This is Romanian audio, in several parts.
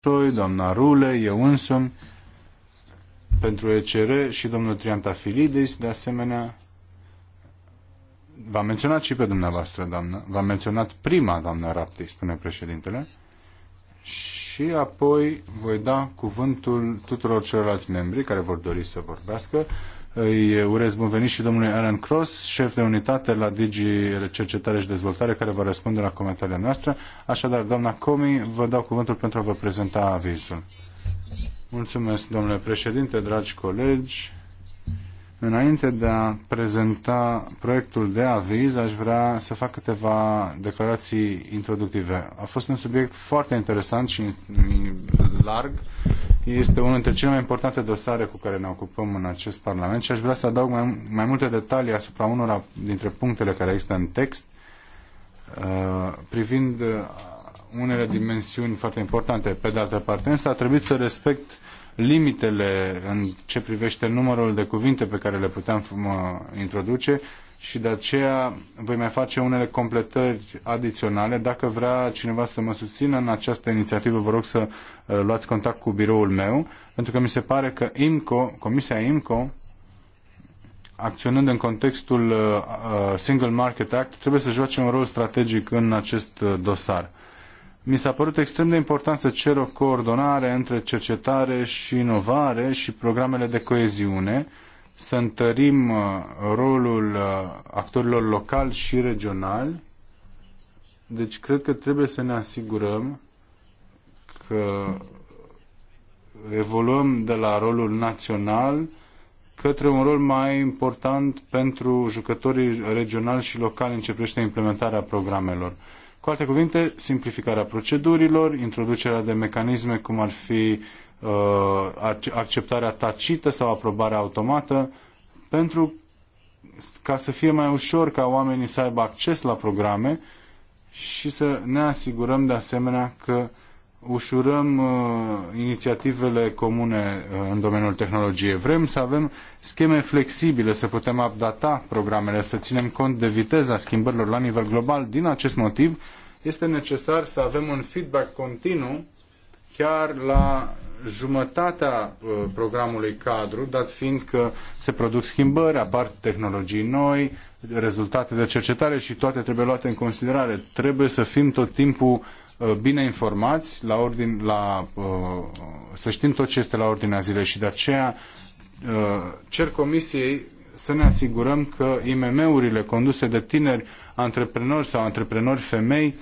Toi, doamna Rule, eu însumi, pentru ECR și domnul Filidis, de asemenea, v-am menționat și pe dumneavoastră, doamnă, v-am menționat prima, doamnă Rapti, spune președintele, și apoi voi da cuvântul tuturor celorlalți membri care vor dori să vorbească. Îi urez bun venit și domnului Aaron Cross, șef de unitate la Digi Cercetare și Dezvoltare, care va răspunde la comentariile noastre. Așadar, doamna Comi, vă dau cuvântul pentru a vă prezenta avizul. Mulțumesc, domnule președinte, dragi colegi. Înainte de a prezenta proiectul de aviz, aș vrea să fac câteva declarații introductive. A fost un subiect foarte interesant și larg. Este unul dintre cele mai importante dosare cu care ne ocupăm în acest Parlament și aș vrea să adaug mai, mai multe detalii asupra unora dintre punctele care există în text uh, privind uh, unele dimensiuni foarte importante. Pe de altă parte, însă a trebuit să respect limitele în ce privește numărul de cuvinte pe care le puteam uh, introduce și de aceea voi mai face unele completări adiționale. Dacă vrea cineva să mă susțină în această inițiativă, vă rog să uh, luați contact cu biroul meu, pentru că mi se pare că IMCO, Comisia IMCO, acționând în contextul uh, uh, Single Market Act, trebuie să joace un rol strategic în acest dosar. Mi s-a părut extrem de important să cer o coordonare între cercetare și inovare și programele de coeziune, să întărim uh, rolul uh, actorilor locali și regionali. Deci cred că trebuie să ne asigurăm că evoluăm de la rolul național către un rol mai important pentru jucătorii regionali și locali în ce privește implementarea programelor. Cu alte cuvinte, simplificarea procedurilor, introducerea de mecanisme cum ar fi Uh, acceptarea tacită sau aprobarea automată pentru ca să fie mai ușor ca oamenii să aibă acces la programe și să ne asigurăm de asemenea că ușurăm uh, inițiativele comune uh, în domeniul tehnologiei. Vrem să avem scheme flexibile, să putem updata programele, să ținem cont de viteza schimbărilor la nivel global. Din acest motiv, este necesar să avem un feedback continuu chiar la jumătatea uh, programului cadru, dat fiind că se produc schimbări, apar tehnologii noi, rezultate de cercetare și toate trebuie luate în considerare. Trebuie să fim tot timpul uh, bine informați, la ordin, la, uh, să știm tot ce este la ordinea zilei și de aceea cer comisiei să ne asigurăm că IMM-urile conduse de tineri antreprenori sau antreprenori femei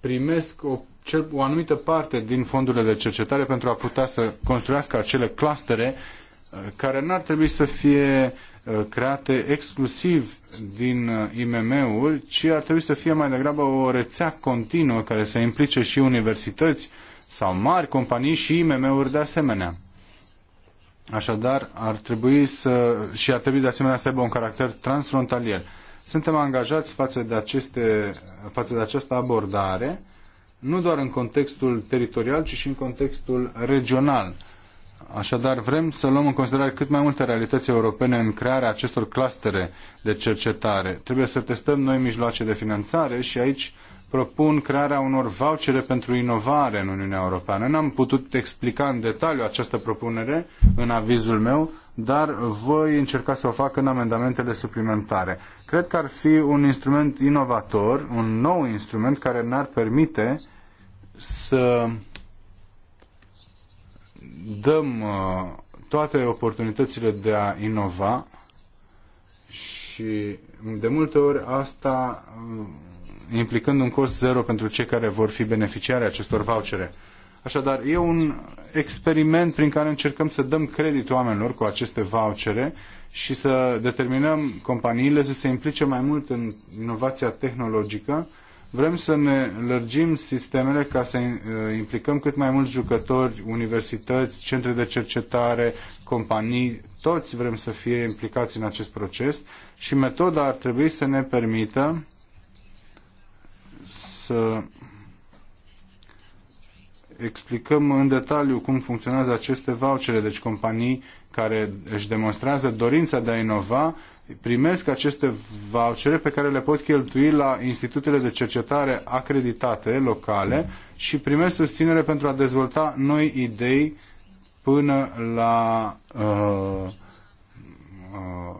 primesc o cel, o anumită parte din fondurile de cercetare pentru a putea să construiască acele clustere uh, care n-ar trebui să fie uh, create exclusiv din uh, IMM-uri, ci ar trebui să fie mai degrabă o rețea continuă care să implice și universități sau mari companii și IMM-uri de asemenea. Așadar, ar trebui să, și ar trebui de asemenea să aibă un caracter transfrontalier. Suntem angajați față de, aceste, față de această abordare nu doar în contextul teritorial, ci și în contextul regional. Așadar, vrem să luăm în considerare cât mai multe realități europene în crearea acestor clustere de cercetare. Trebuie să testăm noi mijloace de finanțare și aici propun crearea unor vouchere pentru inovare în Uniunea Europeană. N-am putut explica în detaliu această propunere în avizul meu, dar voi încerca să o fac în amendamentele suplimentare. Cred că ar fi un instrument inovator, un nou instrument care ne-ar permite să dăm uh, toate oportunitățile de a inova și de multe ori asta uh, implicând un cost zero pentru cei care vor fi beneficiari acestor vouchere. Așadar, e un experiment prin care încercăm să dăm credit oamenilor cu aceste vouchere și să determinăm companiile să se implice mai mult în inovația tehnologică. Vrem să ne lărgim sistemele ca să uh, implicăm cât mai mulți jucători, universități, centre de cercetare, companii, toți vrem să fie implicați în acest proces și metoda ar trebui să ne permită să explicăm în detaliu cum funcționează aceste vouchere, deci companii care își demonstrează dorința de a inova primesc aceste vouchere pe care le pot cheltui la institutele de cercetare acreditate locale și primesc susținere pentru a dezvolta noi idei până la uh, uh,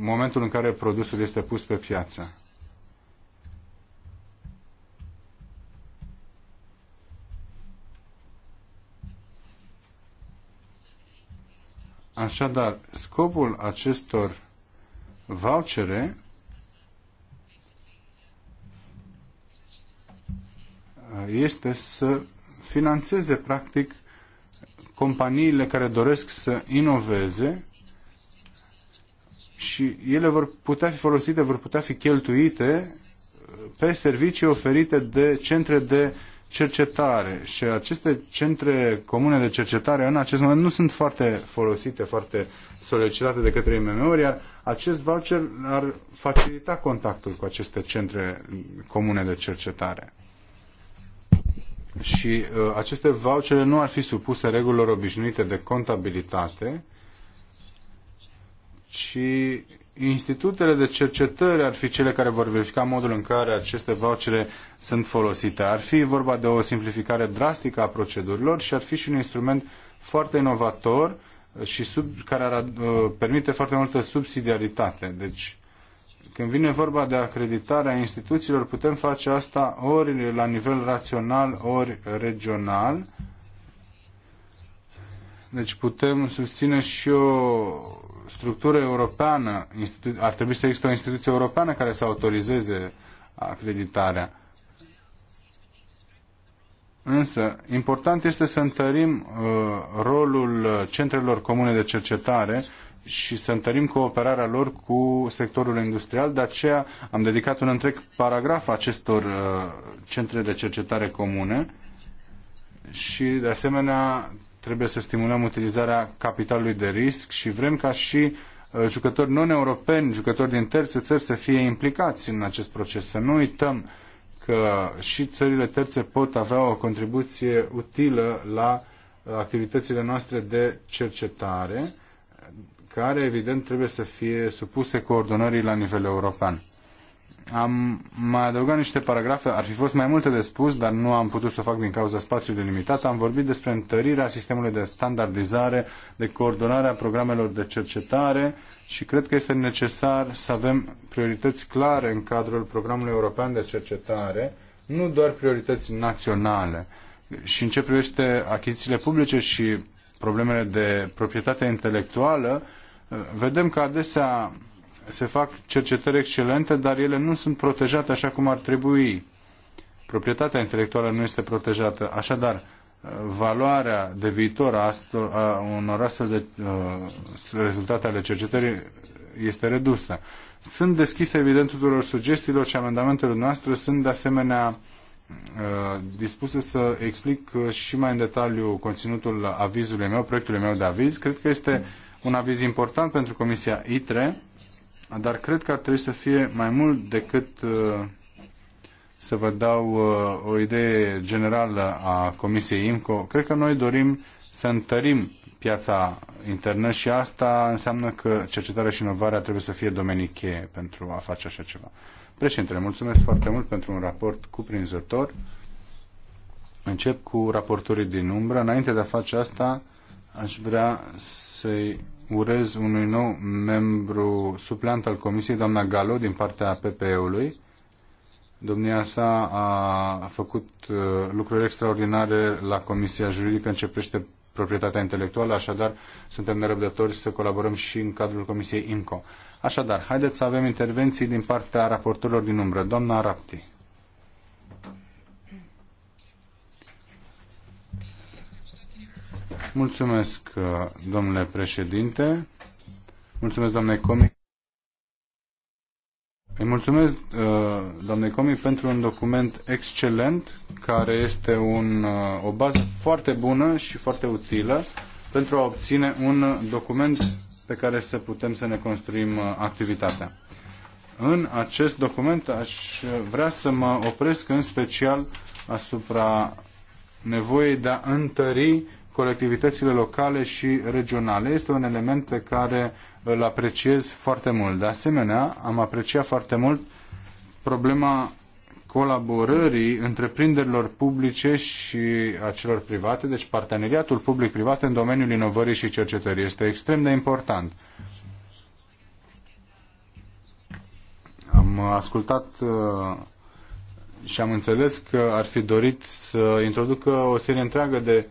momentul în care produsul este pus pe piață. Așadar, scopul acestor vouchere este să financeze, practic, companiile care doresc să inoveze și ele vor putea fi folosite, vor putea fi cheltuite pe servicii oferite de centre de cercetare și aceste centre comune de cercetare în acest moment nu sunt foarte folosite, foarte solicitate de către IMM-uri, iar acest voucher ar facilita contactul cu aceste centre comune de cercetare. Și uh, aceste vouchere nu ar fi supuse regulilor obișnuite de contabilitate, ci institutele de cercetări ar fi cele care vor verifica modul în care aceste vouchere sunt folosite. Ar fi vorba de o simplificare drastică a procedurilor și ar fi și un instrument foarte inovator și sub, care ar uh, permite foarte multă subsidiaritate. Deci, când vine vorba de acreditarea instituțiilor, putem face asta ori la nivel rațional, ori regional. Deci putem susține și o structură europeană, ar trebui să existe o instituție europeană care să autorizeze acreditarea. Însă, important este să întărim uh, rolul centrelor comune de cercetare și să întărim cooperarea lor cu sectorul industrial. De aceea am dedicat un întreg paragraf acestor uh, centre de cercetare comune și, de asemenea, Trebuie să stimulăm utilizarea capitalului de risc și vrem ca și uh, jucători non-europeni, jucători din terțe țări să fie implicați în acest proces. Să nu uităm că și țările terțe pot avea o contribuție utilă la uh, activitățile noastre de cercetare, care evident trebuie să fie supuse coordonării la nivel european. Am mai adăugat niște paragrafe, ar fi fost mai multe de spus, dar nu am putut să o fac din cauza spațiului limitat. Am vorbit despre întărirea sistemului de standardizare, de coordonarea programelor de cercetare și cred că este necesar să avem priorități clare în cadrul programului european de cercetare, nu doar priorități naționale. Și în ce privește achizițiile publice și problemele de proprietate intelectuală, vedem că adesea se fac cercetări excelente, dar ele nu sunt protejate așa cum ar trebui. Proprietatea intelectuală nu este protejată. Așadar, valoarea de viitor a, unor astfel de uh, rezultate ale cercetării este redusă. Sunt deschise, evident, tuturor sugestiilor și amendamentelor noastre. Sunt, de asemenea, uh, dispuse să explic uh, și mai în detaliu conținutul avizului meu, proiectului meu de aviz. Cred că este un aviz important pentru Comisia ITRE dar cred că ar trebui să fie mai mult decât uh, să vă dau uh, o idee generală a Comisiei IMCO. Cred că noi dorim să întărim piața internă și asta înseamnă că cercetarea și inovarea trebuie să fie domenii cheie pentru a face așa ceva. Președintele, mulțumesc foarte mult pentru un raport cuprinzător. Încep cu raporturii din umbră. Înainte de a face asta, aș vrea să-i urez unui nou membru suplant al Comisiei, doamna Galo, din partea PPE-ului. Domnia sa a făcut uh, lucruri extraordinare la Comisia Juridică, începește proprietatea intelectuală, așadar suntem nerăbdători să colaborăm și în cadrul Comisiei IMCO. Așadar, haideți să avem intervenții din partea raportorilor din umbră. Doamna Rapti. Mulțumesc, domnule președinte. Mulțumesc, domnule comi. Îi mulțumesc, uh, doamne Comi, pentru un document excelent, care este un, uh, o bază foarte bună și foarte utilă pentru a obține un document pe care să putem să ne construim uh, activitatea. În acest document aș vrea să mă opresc în special asupra nevoii de a întări colectivitățile locale și regionale. Este un element pe care îl apreciez foarte mult. De asemenea, am apreciat foarte mult problema colaborării întreprinderilor publice și a celor private, deci parteneriatul public-privat în domeniul inovării și cercetării. Este extrem de important. Am ascultat uh, și am înțeles că ar fi dorit să introducă o serie întreagă de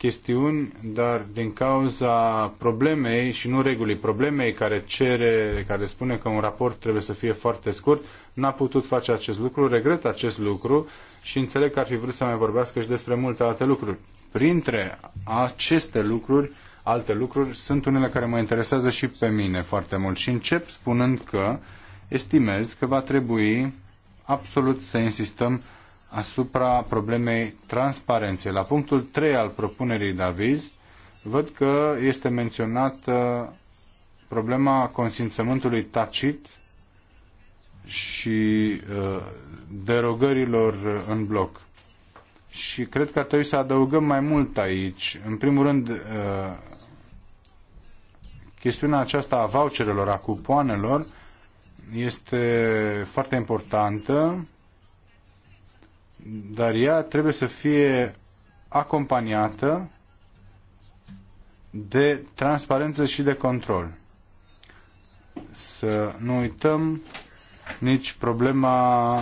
chestiuni, dar din cauza problemei și nu regulii problemei care cere, care spune că un raport trebuie să fie foarte scurt, n-a putut face acest lucru, regret acest lucru și înțeleg că ar fi vrut să mai vorbească și despre multe alte lucruri. Printre aceste lucruri, alte lucruri, sunt unele care mă interesează și pe mine foarte mult și încep spunând că estimez că va trebui absolut să insistăm asupra problemei transparenței. La punctul 3 al propunerii de aviz, văd că este menționată problema consimțământului tacit și uh, derogărilor în bloc. Și cred că ar trebui să adăugăm mai mult aici. În primul rând, uh, chestiunea aceasta a voucherelor, a cupoanelor, este foarte importantă dar ea trebuie să fie acompaniată de transparență și de control. Să nu uităm nici problema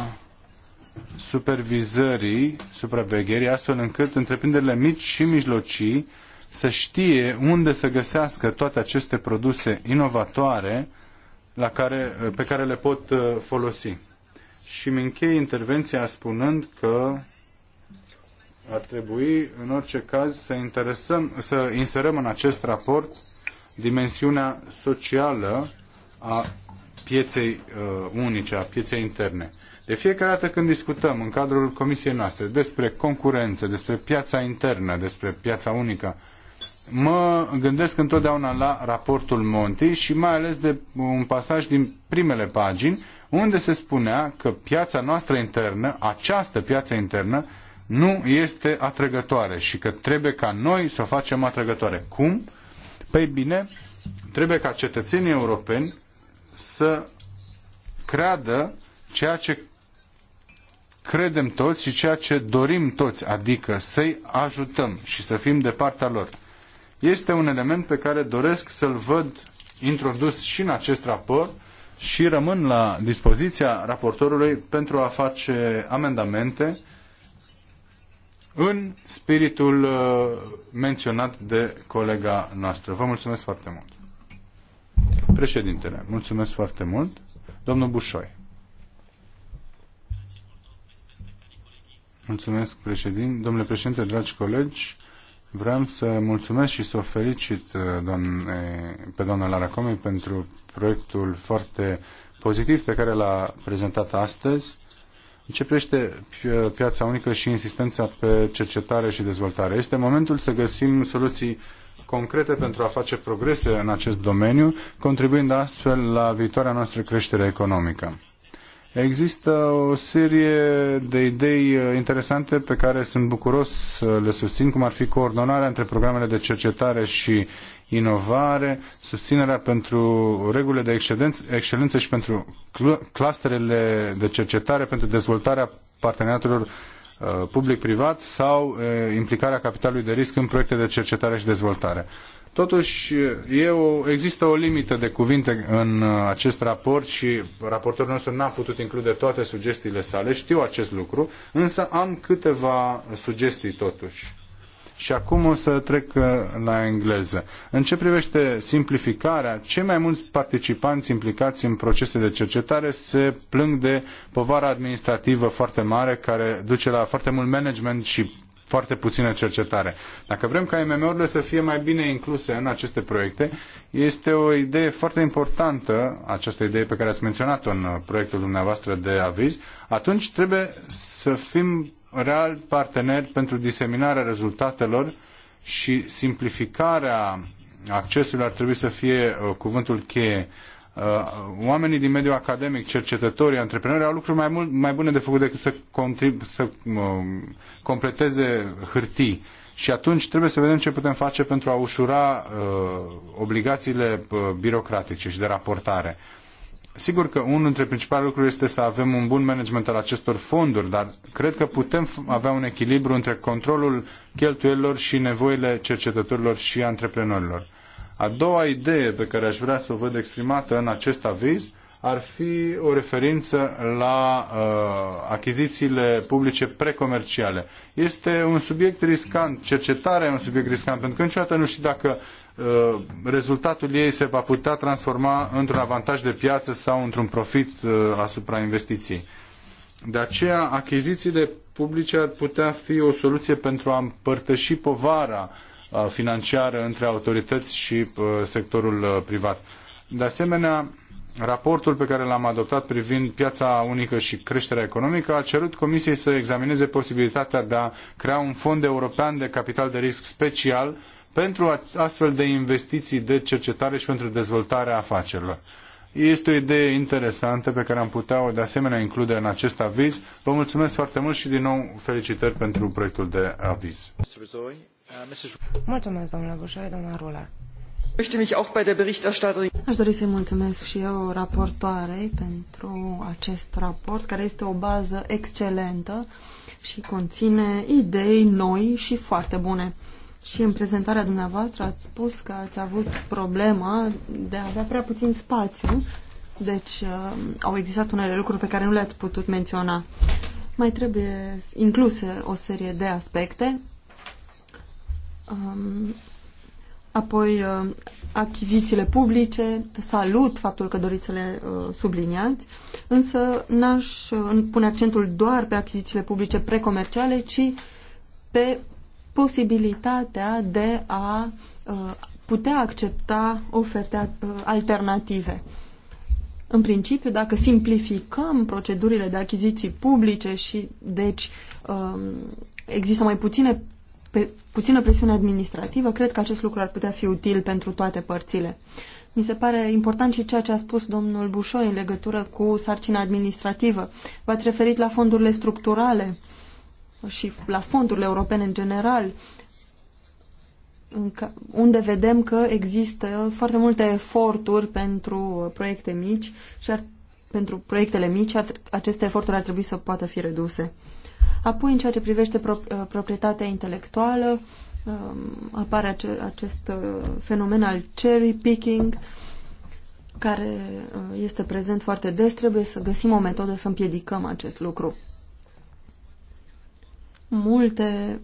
supervizării, supravegherii, astfel încât întreprinderile mici și mijlocii să știe unde să găsească toate aceste produse inovatoare la care, pe care le pot uh, folosi și mi închei intervenția spunând că ar trebui, în orice caz, să, interesăm, să inserăm în acest raport dimensiunea socială a pieței uh, unice, a pieței interne. De fiecare dată când discutăm în cadrul comisiei noastre despre concurență, despre piața internă, despre piața unică, mă gândesc întotdeauna la raportul Monti și mai ales de un pasaj din primele pagini unde se spunea că piața noastră internă, această piață internă, nu este atrăgătoare și că trebuie ca noi să o facem atrăgătoare. Cum? Păi bine, trebuie ca cetățenii europeni să creadă ceea ce credem toți și ceea ce dorim toți, adică să-i ajutăm și să fim de partea lor. Este un element pe care doresc să-l văd introdus și în acest raport și rămân la dispoziția raportorului pentru a face amendamente în spiritul uh, menționat de colega noastră. Vă mulțumesc foarte mult. Președintele, mulțumesc foarte mult. Domnul Bușoi. Mulțumesc, președin. domnule președinte, dragi colegi. Vreau să mulțumesc și să o felicit uh, doamne, pe doamna Lara Comi pentru proiectul foarte pozitiv pe care l-a prezentat astăzi. Începește uh, piața unică și insistența pe cercetare și dezvoltare. Este momentul să găsim soluții concrete pentru a face progrese în acest domeniu, contribuind astfel la viitoarea noastră creștere economică. Există o serie de idei uh, interesante pe care sunt bucuros să le susțin, cum ar fi coordonarea între programele de cercetare și inovare, susținerea pentru regulile de excelență și pentru clusterele de cercetare, pentru dezvoltarea parteneriatelor uh, public-privat sau uh, implicarea capitalului de risc în proiecte de cercetare și dezvoltare. Totuși, eu, există o limită de cuvinte în acest raport și raportorul nostru n-a putut include toate sugestiile sale, știu acest lucru, însă am câteva sugestii totuși. Și acum o să trec la engleză. În ce privește simplificarea, cei mai mulți participanți implicați în procese de cercetare se plâng de povara administrativă foarte mare care duce la foarte mult management și foarte puțină cercetare. Dacă vrem ca IMM-urile să fie mai bine incluse în aceste proiecte, este o idee foarte importantă, această idee pe care ați menționat-o în proiectul dumneavoastră de aviz, atunci trebuie să fim real parteneri pentru diseminarea rezultatelor și simplificarea accesului ar trebui să fie uh, cuvântul cheie Uh, oamenii din mediul academic, cercetătorii, antreprenori au lucruri mai, mult, mai bune de făcut decât să, contrib, să um, completeze hârtii. Și atunci trebuie să vedem ce putem face pentru a ușura uh, obligațiile uh, birocratice și de raportare. Sigur că unul dintre principalele lucruri este să avem un bun management al acestor fonduri, dar cred că putem avea un echilibru între controlul cheltuielilor și nevoile cercetătorilor și antreprenorilor. A doua idee pe care aș vrea să o văd exprimată în acest aviz ar fi o referință la uh, achizițiile publice precomerciale. Este un subiect riscant, cercetarea e un subiect riscant, pentru că niciodată nu știi dacă uh, rezultatul ei se va putea transforma într-un avantaj de piață sau într-un profit uh, asupra investiției. De aceea, achizițiile publice ar putea fi o soluție pentru a împărtăși povara uh, Uh, financiară între autorități și uh, sectorul uh, privat. De asemenea, raportul pe care l-am adoptat privind piața unică și creșterea economică a cerut Comisiei să examineze posibilitatea de a crea un fond european de capital de risc special pentru astfel de investiții de cercetare și pentru dezvoltarea afacerilor. Este o idee interesantă pe care am putea o de asemenea include în acest aviz. Vă mulțumesc foarte mult și din nou felicitări pentru proiectul de aviz. Mulțumesc, domnule Aș dori să-i mulțumesc și eu raportoarei pentru acest raport, care este o bază excelentă și conține idei noi și foarte bune. Și în prezentarea dumneavoastră ați spus că ați avut problema de a avea prea puțin spațiu, deci uh, au existat unele lucruri pe care nu le-ați putut menționa. Mai trebuie incluse o serie de aspecte, Um, apoi, uh, achizițiile publice, salut faptul că doriți să le uh, subliniați, însă n-aș uh, pune accentul doar pe achizițiile publice precomerciale, ci pe posibilitatea de a uh, putea accepta oferte uh, alternative. În principiu, dacă simplificăm procedurile de achiziții publice și, deci, um, există mai puține pe puțină presiune administrativă, cred că acest lucru ar putea fi util pentru toate părțile. Mi se pare important și ceea ce a spus domnul Bușoi în legătură cu sarcina administrativă. V-ați referit la fondurile structurale și la fondurile europene în general, unde vedem că există foarte multe eforturi pentru proiecte mici și ar, pentru proiectele mici ar, aceste eforturi ar trebui să poată fi reduse. Apoi, în ceea ce privește pro uh, proprietatea intelectuală, um, apare ace acest uh, fenomen al cherry picking, care uh, este prezent foarte des. Trebuie să găsim o metodă să împiedicăm acest lucru. Multe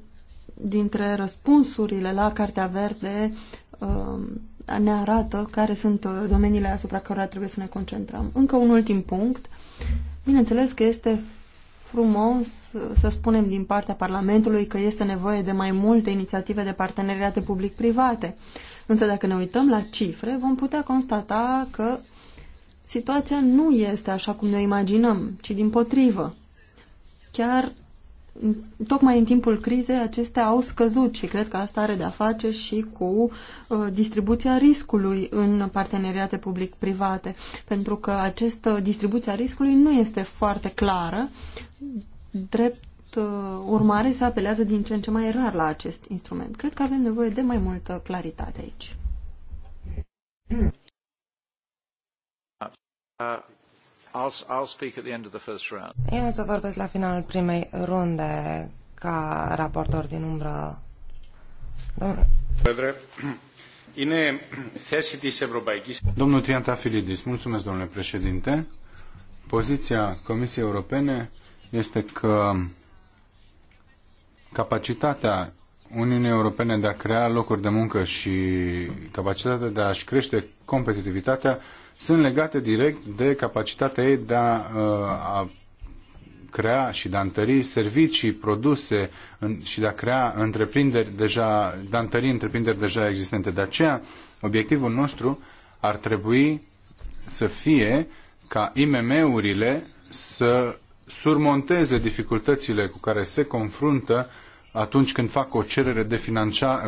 dintre răspunsurile la Cartea Verde um, ne arată care sunt domeniile asupra care trebuie să ne concentrăm. Încă un ultim punct. Bineînțeles că este frumos să spunem din partea Parlamentului că este nevoie de mai multe inițiative de parteneriate public-private. Însă dacă ne uităm la cifre, vom putea constata că situația nu este așa cum ne imaginăm, ci din potrivă. Chiar tocmai în timpul crizei acestea au scăzut și cred că asta are de-a face și cu uh, distribuția riscului în parteneriate public-private, pentru că această distribuție a riscului nu este foarte clară Drept uh, urmare, se apelează din ce în ce mai rar la acest instrument. Cred că avem nevoie de mai multă claritate aici. Uh, Eu o să vorbesc la finalul primei runde ca raportor din umbră. Domnul Triantafilidis, mulțumesc domnule președinte. Poziția Comisiei Europene este că capacitatea Uniunii Europene de a crea locuri de muncă și capacitatea de a-și crește competitivitatea sunt legate direct de capacitatea ei de a, uh, a crea și de a întări servicii, produse și de a crea întreprinderi deja, de a întări întreprinderi deja existente. De aceea, obiectivul nostru ar trebui să fie ca IMM-urile să surmonteze dificultățile cu care se confruntă atunci când fac o cerere de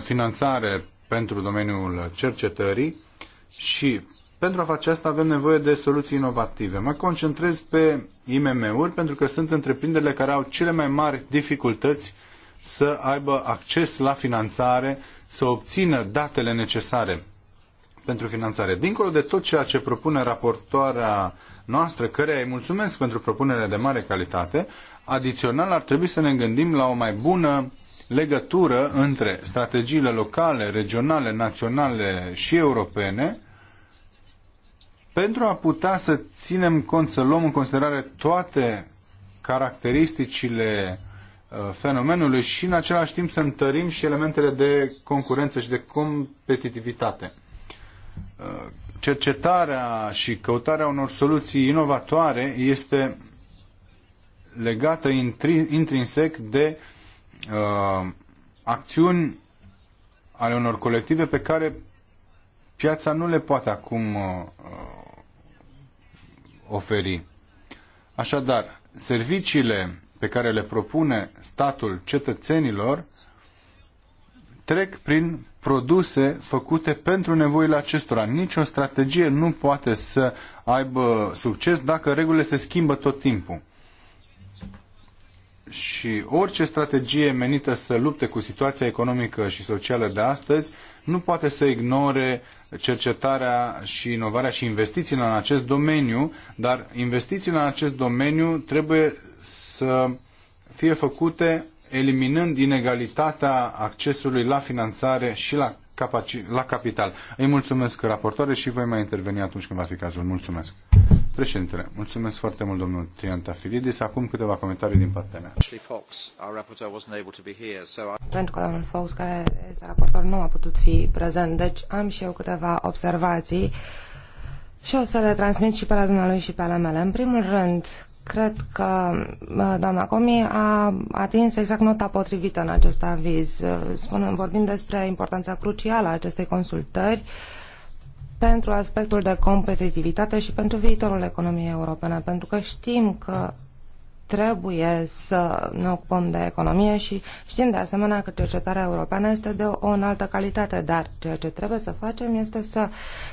finanțare pentru domeniul cercetării și pentru a face asta avem nevoie de soluții inovative. Mă concentrez pe IMM-uri pentru că sunt întreprinderile care au cele mai mari dificultăți să aibă acces la finanțare, să obțină datele necesare pentru finanțare. Dincolo de tot ceea ce propune raportoarea uh, noastră, căreia îi mulțumesc pentru propunerea de mare calitate, adițional ar trebui să ne gândim la o mai bună legătură între strategiile locale, regionale, naționale și europene pentru a putea să ținem cont, să luăm în considerare toate caracteristicile uh, fenomenului și în același timp să întărim și elementele de concurență și de competitivitate uh, cercetarea și căutarea unor soluții inovatoare este legată intrinsec de uh, acțiuni ale unor colective pe care piața nu le poate acum uh, uh oferi. Așadar, serviciile pe care le propune statul cetățenilor trec prin produse făcute pentru nevoile acestora. Nici o strategie nu poate să aibă succes dacă regulile se schimbă tot timpul. Și orice strategie menită să lupte cu situația economică și socială de astăzi nu poate să ignore cercetarea și inovarea și investițiile în acest domeniu, dar investițiile în acest domeniu trebuie să fie făcute eliminând inegalitatea accesului la finanțare și la, capaci- la capital. Îi mulțumesc raportoare și voi mai interveni atunci când va fi cazul. Mulțumesc. Președintele, mulțumesc foarte mult, domnul Triantafilidis. Acum câteva comentarii din partea mea. Pentru că domnul Fox, care este raportor, nu a putut fi prezent, deci am și eu câteva observații și o să le transmit și pe la dumnealui și pe la mele. În primul rând, Cred că doamna Comi a atins exact nota potrivită în acest aviz. Spunem, vorbind despre importanța crucială a acestei consultări pentru aspectul de competitivitate și pentru viitorul economiei europene, pentru că știm că trebuie să ne ocupăm de economie și știm de asemenea că cercetarea europeană este de o înaltă calitate, dar ceea ce trebuie să facem este să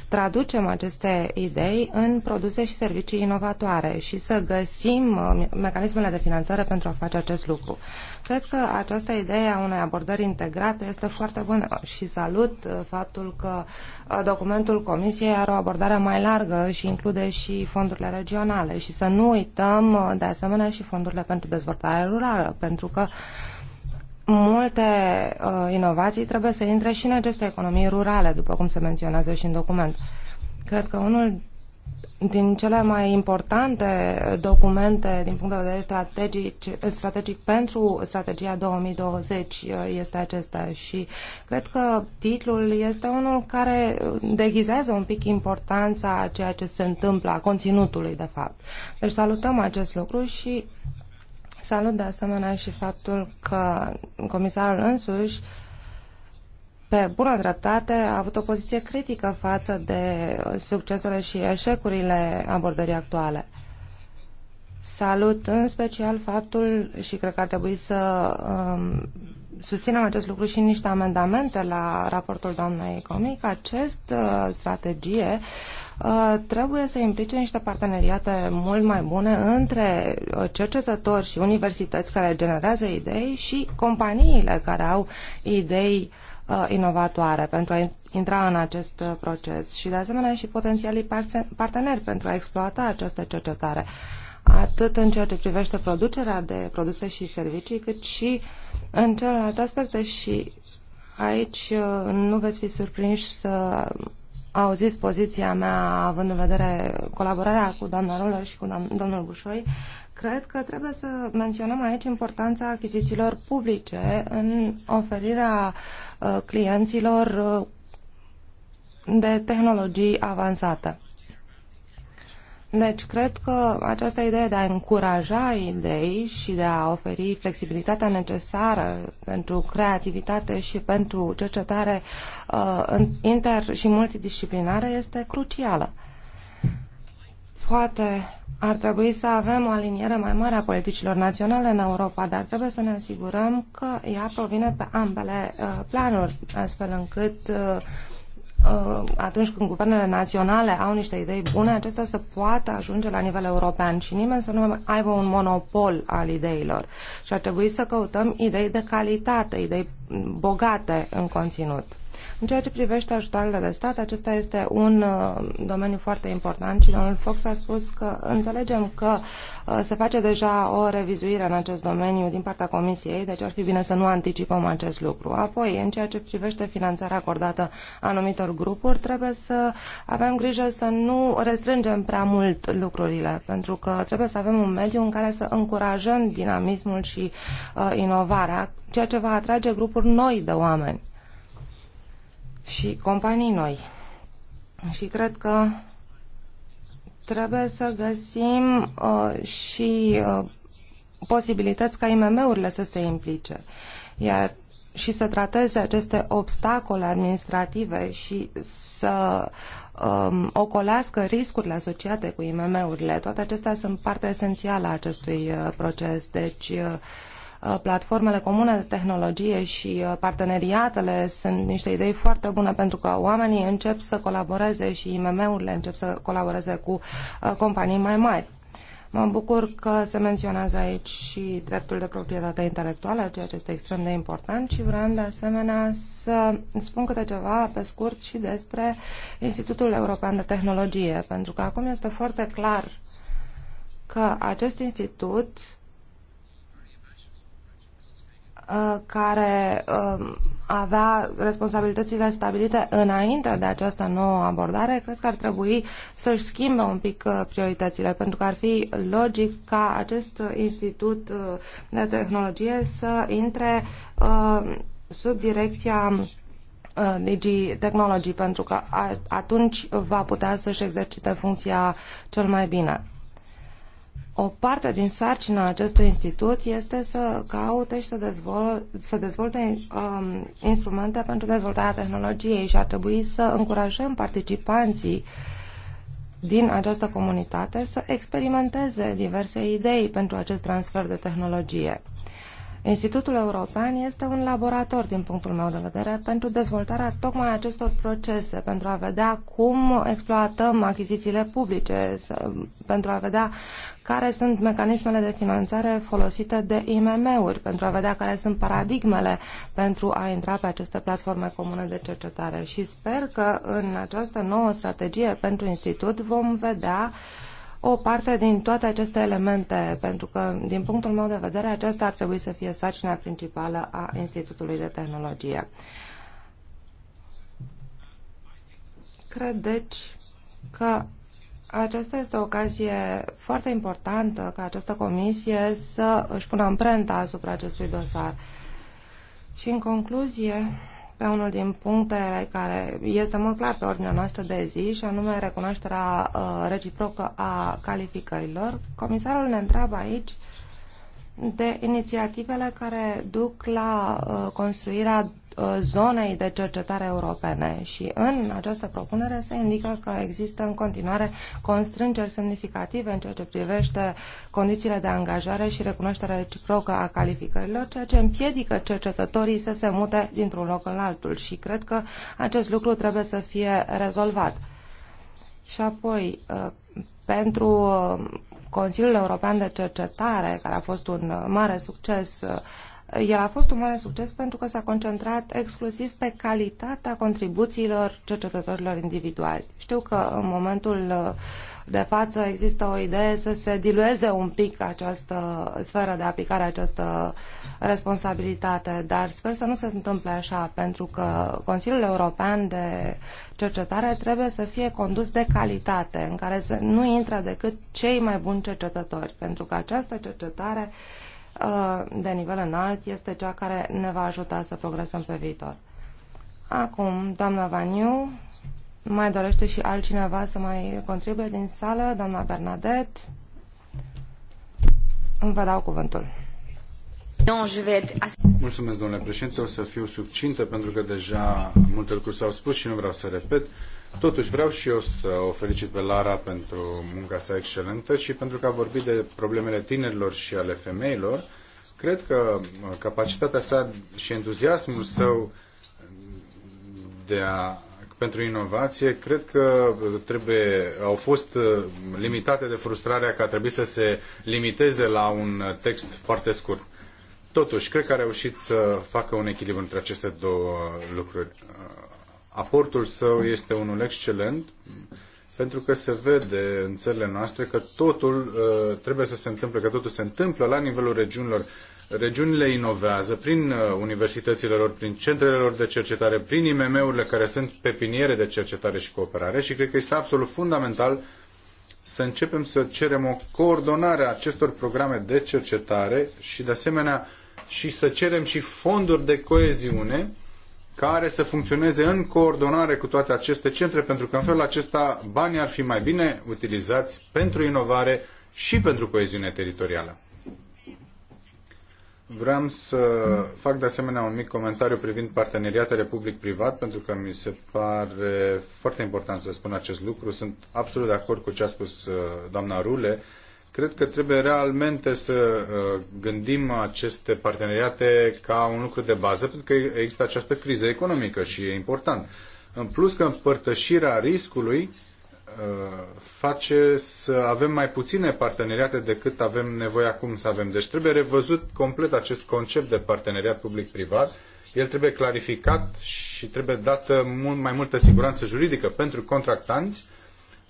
traducem aceste idei în produse și servicii inovatoare și să găsim uh, mecanismele de finanțare pentru a face acest lucru. Cred că această idee a unei abordări integrate este foarte bună și salut uh, faptul că uh, documentul Comisiei are o abordare mai largă și include și fondurile regionale și să nu uităm uh, de asemenea și fondurile pentru dezvoltare rurală, pentru că multe uh, inovații trebuie să intre și în aceste economii rurale, după cum se menționează și în document. Cred că unul din cele mai importante documente din punct de vedere strategic, strategic pentru strategia 2020 uh, este acesta și cred că titlul este unul care deghizează un pic importanța a ceea ce se întâmplă, a conținutului de fapt. Deci salutăm acest lucru și salut de asemenea și faptul că comisarul însuși pe bună dreptate, a avut o poziție critică față de succesele și eșecurile abordării actuale. Salut în special faptul și cred că ar trebui să um, susținem acest lucru și niște amendamente la raportul doamnei Comic. Acest uh, strategie uh, trebuie să implice niște parteneriate mult mai bune între uh, cercetători și universități care generează idei și companiile care au idei Uh, inovatoare pentru a intra în acest uh, proces și de asemenea și potențialii parteneri pentru a exploata această cercetare, atât în ceea ce privește producerea de produse și servicii, cât și în celelalte aspecte și aici uh, nu veți fi surprinși să auziți poziția mea având în vedere colaborarea cu doamna Roller și cu domnul Bușoi Cred că trebuie să menționăm aici importanța achizițiilor publice în oferirea uh, clienților uh, de tehnologii avansate. Deci, cred că această idee de a încuraja idei și de a oferi flexibilitatea necesară pentru creativitate și pentru cercetare uh, inter- și multidisciplinară este crucială. Poate ar trebui să avem o aliniere mai mare a politicilor naționale în Europa, dar trebuie să ne asigurăm că ea provine pe ambele uh, planuri, astfel încât uh, uh, atunci când guvernele naționale au niște idei bune, acestea să poată ajunge la nivel european și nimeni să nu aibă un monopol al ideilor. Și ar trebui să căutăm idei de calitate, idei bogate în conținut. În ceea ce privește ajutoarele de stat, acesta este un uh, domeniu foarte important și domnul Fox a spus că înțelegem că uh, se face deja o revizuire în acest domeniu din partea Comisiei, deci ar fi bine să nu anticipăm acest lucru. Apoi, în ceea ce privește finanțarea acordată anumitor grupuri, trebuie să avem grijă să nu restrângem prea mult lucrurile, pentru că trebuie să avem un mediu în care să încurajăm dinamismul și uh, inovarea, ceea ce va atrage grupuri noi de oameni și companii noi. Și cred că trebuie să găsim uh, și uh, posibilități ca IMM-urile să se implice iar, și să trateze aceste obstacole administrative și să um, ocolească riscurile asociate cu IMM-urile. Toate acestea sunt parte esențială a acestui uh, proces. Deci, uh, Uh, platformele comune de tehnologie și uh, parteneriatele sunt niște idei foarte bune pentru că oamenii încep să colaboreze și IMM-urile încep să colaboreze cu uh, companii mai mari. Mă bucur că se menționează aici și dreptul de proprietate intelectuală, ceea ce este extrem de important și vreau de asemenea să spun câte ceva pe scurt și despre Institutul European de Tehnologie, pentru că acum este foarte clar că acest institut Uh, care um, avea responsabilitățile stabilite înainte de această nouă abordare, cred că ar trebui să-și schimbe un pic uh, prioritățile, pentru că ar fi logic ca acest institut uh, de tehnologie să intre sub direcția Digi Technology, pentru că atunci va putea să-și exercite funcția cel mai bine. O parte din sarcina acestui institut este să caute și să, dezvol- să dezvolte um, instrumente pentru dezvoltarea tehnologiei și ar trebui să încurajăm participanții din această comunitate să experimenteze diverse idei pentru acest transfer de tehnologie. Uh, Institutul European este un laborator, din punctul meu de vedere, pentru dezvoltarea tocmai acestor procese, pentru a vedea cum exploatăm achizițiile publice, pentru a vedea care sunt mecanismele de finanțare folosite de IMM-uri, pentru a vedea care sunt paradigmele pentru a intra pe aceste platforme comune de cercetare. Și sper că în această nouă strategie pentru institut vom vedea uh, o parte din toate aceste elemente, pentru că, din punctul meu de vedere, aceasta ar trebui să fie sarcina principală a Institutului de Tehnologie. Cred, deci, că aceasta este o ocazie foarte importantă ca această comisie să își pună amprenta asupra acestui dosar. Și în concluzie, pe unul din punctele care este mult clar pe ordinea noastră de zi, și anume recunoașterea uh, reciprocă a calificărilor. Comisarul ne întreabă aici de inițiativele care duc la uh, construirea Uh, zonei de cercetare europene și în această propunere se indică că există în continuare constrângeri semnificative în ceea ce privește condițiile de angajare și recunoașterea reciprocă a calificărilor, ceea ce împiedică cercetătorii să se mute dintr-un loc în altul și cred că acest lucru trebuie să fie rezolvat. Și apoi, uh, pentru uh, Consiliul European de Cercetare, care a fost un mare succes el a fost un mare succes pentru că s-a concentrat exclusiv pe calitatea contribuțiilor cercetătorilor individuali. Știu că în momentul uh, de față există o idee să se dilueze un pic această sferă de aplicare, această responsabilitate, dar sper să nu se întâmple așa, pentru că Consiliul European de Cercetare trebuie să fie condus de calitate, în care să nu intră decât cei mai buni cercetători, pentru că această cercetare Uh, de nivel înalt este cea care ne va ajuta să progresăm pe viitor. Acum, doamna Vaniu, mai dorește și altcineva să mai contribuie din sală? Doamna Bernadette, îmi vă dau cuvântul. Mulțumesc, domnule președinte. O să fiu succintă pentru că deja multe lucruri s-au spus și nu vreau să repet. Totuși vreau și eu să o felicit pe Lara pentru munca sa excelentă și pentru că a vorbit de problemele tinerilor și ale femeilor. Cred că uh, capacitatea sa și entuziasmul său de a, pentru inovație, cred că trebuie, au fost uh, limitate de frustrarea că a trebuit să se limiteze la un text foarte scurt. Totuși, cred că a reușit să facă un echilibru între aceste două uh, lucruri. Aportul său este unul excelent pentru că se vede în țările noastre că totul uh, trebuie să se întâmple, că totul se întâmplă la nivelul regiunilor. Regiunile inovează prin uh, universitățile lor, prin centrele lor de cercetare, prin IMM-urile care sunt pepiniere de cercetare și cooperare și cred că este absolut fundamental să începem să cerem o coordonare a acestor programe de cercetare și de asemenea și să cerem și fonduri de coeziune care să funcționeze în coordonare cu toate aceste centre, pentru că în felul acesta banii ar fi mai bine utilizați pentru inovare și pentru coeziune teritorială. Vreau să fac de asemenea un mic comentariu privind parteneriatele public-privat, pentru că mi se pare foarte important să spun acest lucru. Sunt absolut de acord cu ce a spus uh, doamna Rule Cred că trebuie realmente să uh, gândim aceste parteneriate ca un lucru de bază, pentru că există această criză economică și e important. În plus că împărtășirea riscului uh, face să avem mai puține parteneriate decât avem nevoie acum să avem. Deci trebuie revăzut complet acest concept de parteneriat public-privat. El trebuie clarificat și trebuie dată mult mai multă siguranță juridică pentru contractanți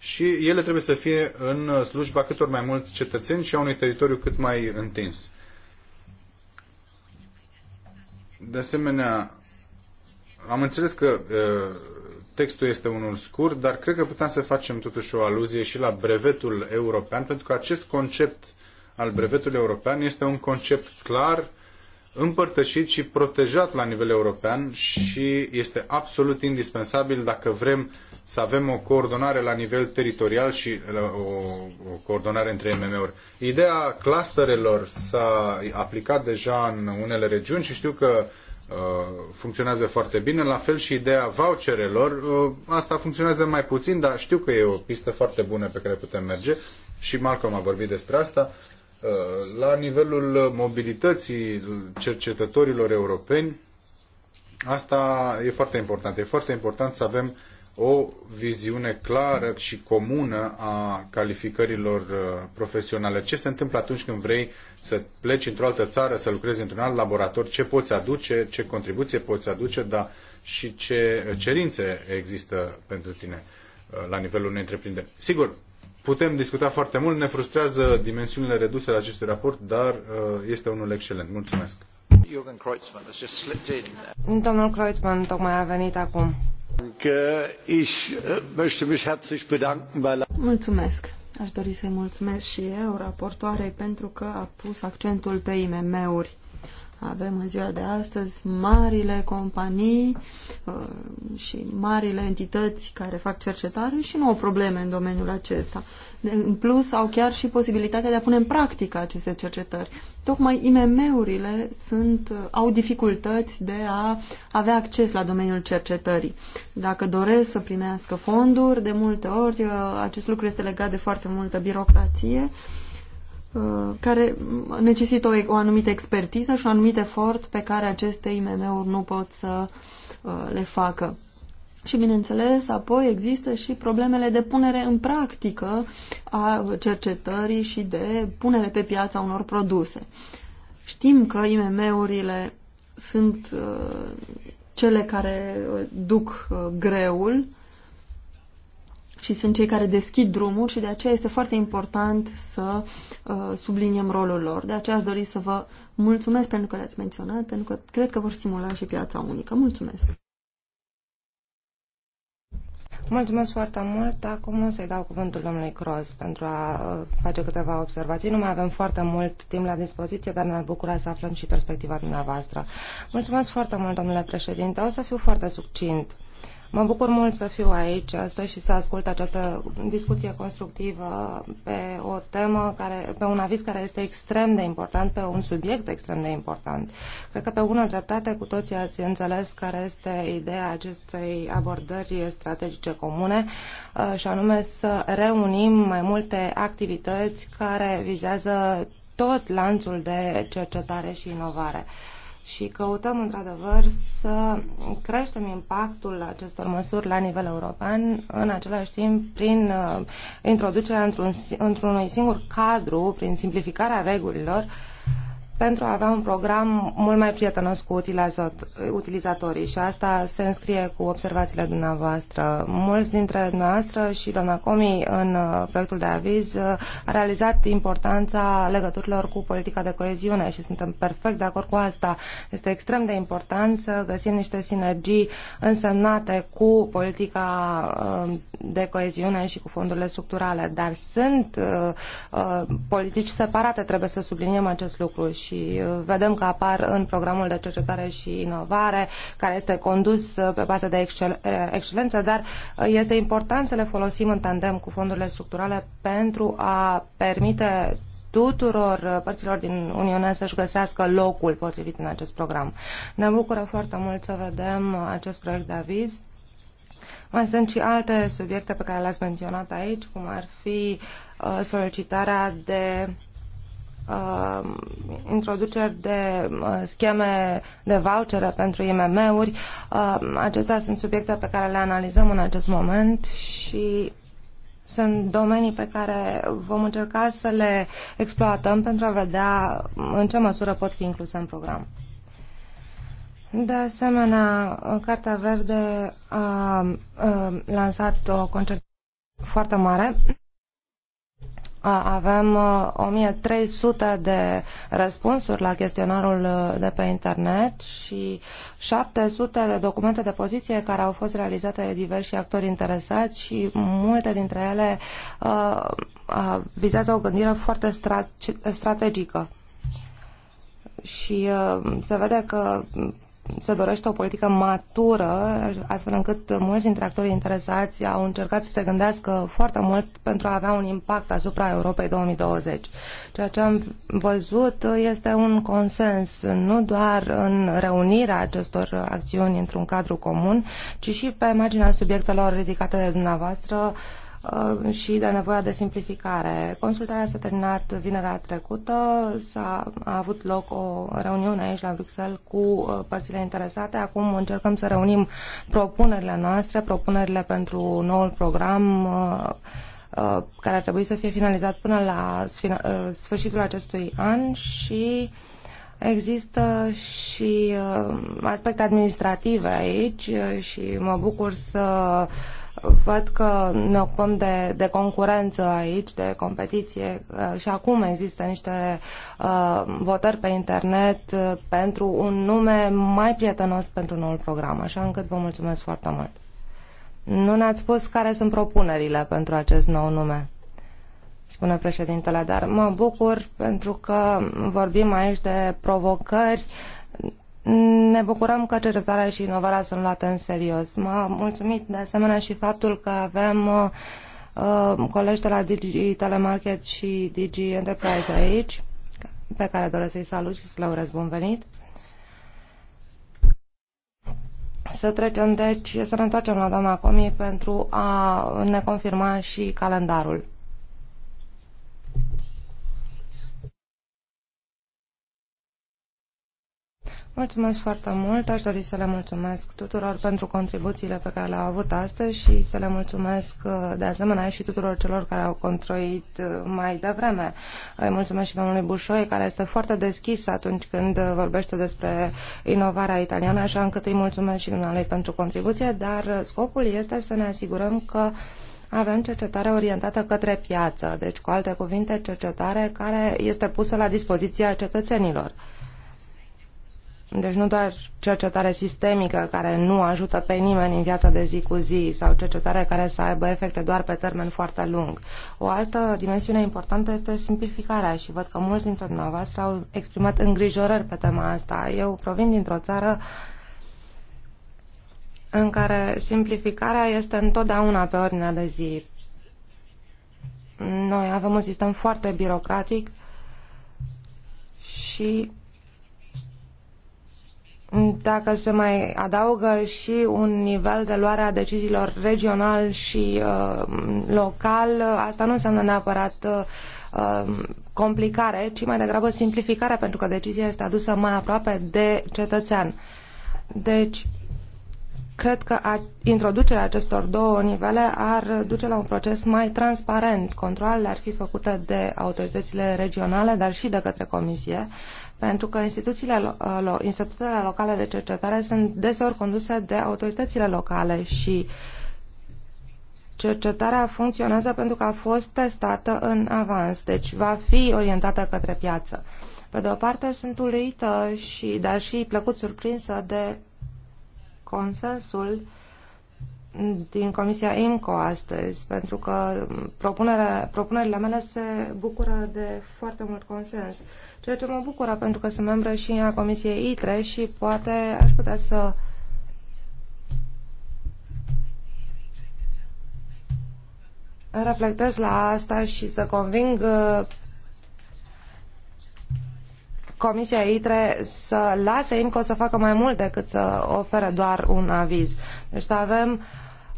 și ele trebuie să fie în slujba câtor mai mulți cetățeni și a unui teritoriu cât mai întins. De asemenea, am înțeles că uh, textul este unul scurt, dar cred că putem să facem totuși o aluzie și la brevetul european, pentru că acest concept al brevetului european este un concept clar, împărtășit și protejat la nivel european și este absolut indispensabil dacă vrem să avem o coordonare la nivel teritorial și o, o coordonare între MM-uri. Ideea clusterelor s-a aplicat deja în unele regiuni și știu că uh, funcționează foarte bine, la fel și ideea voucherelor, uh, asta funcționează mai puțin, dar știu că e o pistă foarte bună pe care putem merge și Malcolm a vorbit despre asta. Uh, la nivelul mobilității cercetătorilor europeni, asta e foarte important. E foarte important să avem o viziune clară și comună a calificărilor uh, profesionale. Ce se întâmplă atunci când vrei să pleci într-o altă țară, să lucrezi într-un alt laborator, ce poți aduce, ce contribuție poți aduce, dar și ce cerințe există pentru tine uh, la nivelul unei întreprinderi. Sigur, putem discuta foarte mult, ne frustrează dimensiunile reduse ale acestui raport, dar uh, este unul excelent. Mulțumesc! Domnul Kreutzmann tocmai a venit acum. Äh, mulțumesc. Aș dori să-i mulțumesc și eu, raportoarei, pentru că a pus accentul pe IMM-uri. Avem în ziua de astăzi marile companii uh, și marile entități care fac cercetare și nu au probleme în domeniul acesta. În plus, au chiar și posibilitatea de a pune în practică aceste cercetări. Tocmai IMM-urile sunt, uh, au dificultăți de a avea acces la domeniul cercetării. Dacă doresc să primească fonduri, de multe ori uh, acest lucru este legat de foarte multă birocrație Uh, care necesită o, o anumită expertiză și un anumit efort pe care aceste IMM-uri nu pot să uh, le facă. Și, bineînțeles, apoi există și problemele de punere în practică a cercetării și de punere pe piața unor produse. Știm că IMM-urile sunt uh, cele care duc greul și sunt cei care deschid drumul și de aceea este foarte important să uh, subliniem rolul lor. De aceea aș dori să vă mulțumesc pentru că le-ați menționat, pentru că cred că vor stimula și piața unică. Mulțumesc! Mulțumesc foarte mult. Acum o să-i dau cuvântul domnului Cross pentru a uh, face câteva observații. Nu mai avem foarte mult timp la dispoziție, dar ne-ar bucura să aflăm și perspectiva dumneavoastră. Mulțumesc foarte mult, domnule președinte. O să fiu foarte succint. Mă bucur mult să fiu aici astăzi și să ascult această discuție constructivă pe o temă, care, pe un aviz care este extrem de important, pe un subiect extrem de important. Cred că pe bună dreptate cu toții ați înțeles care este ideea acestei abordări strategice comune uh, și anume să reunim mai multe activități care vizează tot lanțul de cercetare și inovare. Uh, și căutăm într-adevăr să creștem impactul acestor măsuri la nivel european, în același timp prin uh, introducerea într-un, într-unui singur cadru, prin simplificarea regulilor, uh, pentru a avea un program mult mai prietenos cu utilizatorii și asta se înscrie cu observațiile dumneavoastră. Mulți dintre noastră și doamna Comi în uh, proiectul de aviz uh, a realizat importanța legăturilor cu politica de coeziune și suntem perfect de acord cu asta. Este extrem de important să găsim niște sinergii însemnate cu politica uh, de coeziune și cu fondurile structurale, dar sunt politici separate, trebuie să subliniem acest lucru și și uh, vedem că apar în programul de cercetare și inovare, care este condus uh, pe bază de excel, uh, excelență, dar este important să le folosim în tandem cu fondurile structurale pentru a permite tuturor părților din Uniune să-și găsească locul potrivit în acest program. Ne bucură foarte mult să vedem acest proiect de aviz. Mai sunt și alte subiecte pe care le-ați menționat aici, cum ar fi solicitarea de uh, introduceri de uh, scheme de vouchere pentru IMM-uri. Uh, acestea sunt subiecte pe care le analizăm în acest moment și sunt domenii pe care vom încerca să le exploatăm pentru a vedea în ce măsură pot fi incluse în program. De asemenea, Cartea Verde a, a uh, lansat o concertare foarte mare avem 1300 uh, de răspunsuri la chestionarul uh, de pe internet și 700 de documente de poziție care au fost realizate de diversi actori interesați și multe dintre ele uh, uh vizează o gândire foarte strategică. Și uh, se vede că se dorește o politică matură, astfel încât mulți dintre actorii interesați au încercat să se gândească foarte mult pentru a avea un impact asupra Europei 2020. Ceea ce am văzut este un consens, nu doar în reunirea acestor acțiuni într-un cadru comun, ci și pe imaginea subiectelor ridicate de dumneavoastră Uh, și de nevoia de simplificare. Consultarea s-a terminat vinerea trecută, s-a a avut loc o reuniune aici la Bruxelles cu uh, părțile interesate. Acum încercăm să reunim propunerile noastre, propunerile pentru noul program uh, care ar trebui să fie finalizat până la sfârșitul acestui an și Există și aspecte administrative aici și mă bucur să văd că ne ocupăm de, de concurență aici, de competiție uh, și acum există niște uh, votări pe internet uh, pentru un nume mai prietenos pentru noul program, așa încât vă mulțumesc foarte mult. Nu ne-ați spus care sunt propunerile pentru acest nou nume, spune președintele, dar mă bucur pentru că vorbim aici de provocări ne bucurăm că cercetarea și inovarea sunt luate în serios. M-a mulțumit de asemenea și faptul că avem uh, uh, colegi de la Digi Telemarket și Digi Enterprise aici, pe care doresc să-i salut și să le urez bun venit. Să trecem, deci, să ne întoarcem la doamna Comi pentru a ne confirma și calendarul. Mulțumesc foarte mult. Aș dori să le mulțumesc tuturor pentru contribuțiile pe care le-au avut astăzi și să le mulțumesc uh, de asemenea și tuturor celor care au controit uh, mai devreme. Îi mulțumesc și domnului Bușoi, care este foarte deschis atunci când uh, vorbește despre inovarea italiană, așa încât îi mulțumesc și dumneavoastră pentru contribuție, dar scopul este să ne asigurăm că avem cercetare orientată către piață, deci cu alte cuvinte cercetare care este pusă la dispoziția cetățenilor. Deci nu doar cercetare sistemică care nu ajută pe nimeni în viața de zi cu zi sau cercetare care să aibă efecte doar pe termen foarte lung. O altă dimensiune importantă este simplificarea și văd că mulți dintre dumneavoastră au exprimat îngrijorări pe tema asta. Eu provin dintr-o țară în care simplificarea este întotdeauna pe ordinea de zi. Noi avem un sistem foarte birocratic și dacă se mai adaugă și un nivel de luare a deciziilor regional și uh, local, uh, asta nu înseamnă neapărat uh, uh, complicare, ci mai degrabă simplificare, pentru că decizia este adusă mai aproape de cetățean. Deci, cred că a, introducerea acestor două nivele ar duce la un proces mai transparent. Controlele ar fi făcute de autoritățile regionale, dar și de către comisie. Uh, pentru că instituțiile, ă, institutele locale de cercetare sunt deseori conduse de autoritățile locale și cercetarea funcționează pentru că a fost testată în avans, deci va fi orientată către piață. Pe de o parte sunt uluită, și, dar și plăcut surprinsă de consensul uh, din Comisia IMCO astăzi, pentru că propunerile mele se bucură de foarte mult consens. Ceea ce mă bucură, pentru că sunt membră și a Comisiei ITRE și poate aș putea să reflectez la asta și să conving uh, Comisia ITRE să lase IMCO să facă mai mult decât să ofere doar un aviz. Deci să avem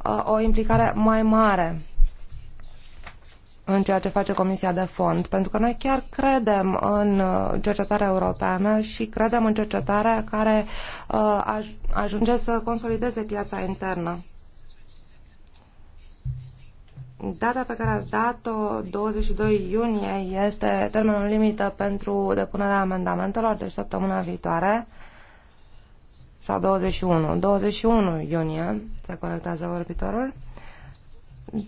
uh, o implicare mai mare în ceea ce face Comisia de Fond, pentru că noi chiar credem în uh, cercetarea europeană și credem în cercetarea care uh, ajunge să consolideze piața internă. Data pe care ați dat-o, 22 iunie, este termenul limită pentru depunerea amendamentelor, deci săptămâna viitoare, sau 21. 21 iunie, se corectează vorbitorul.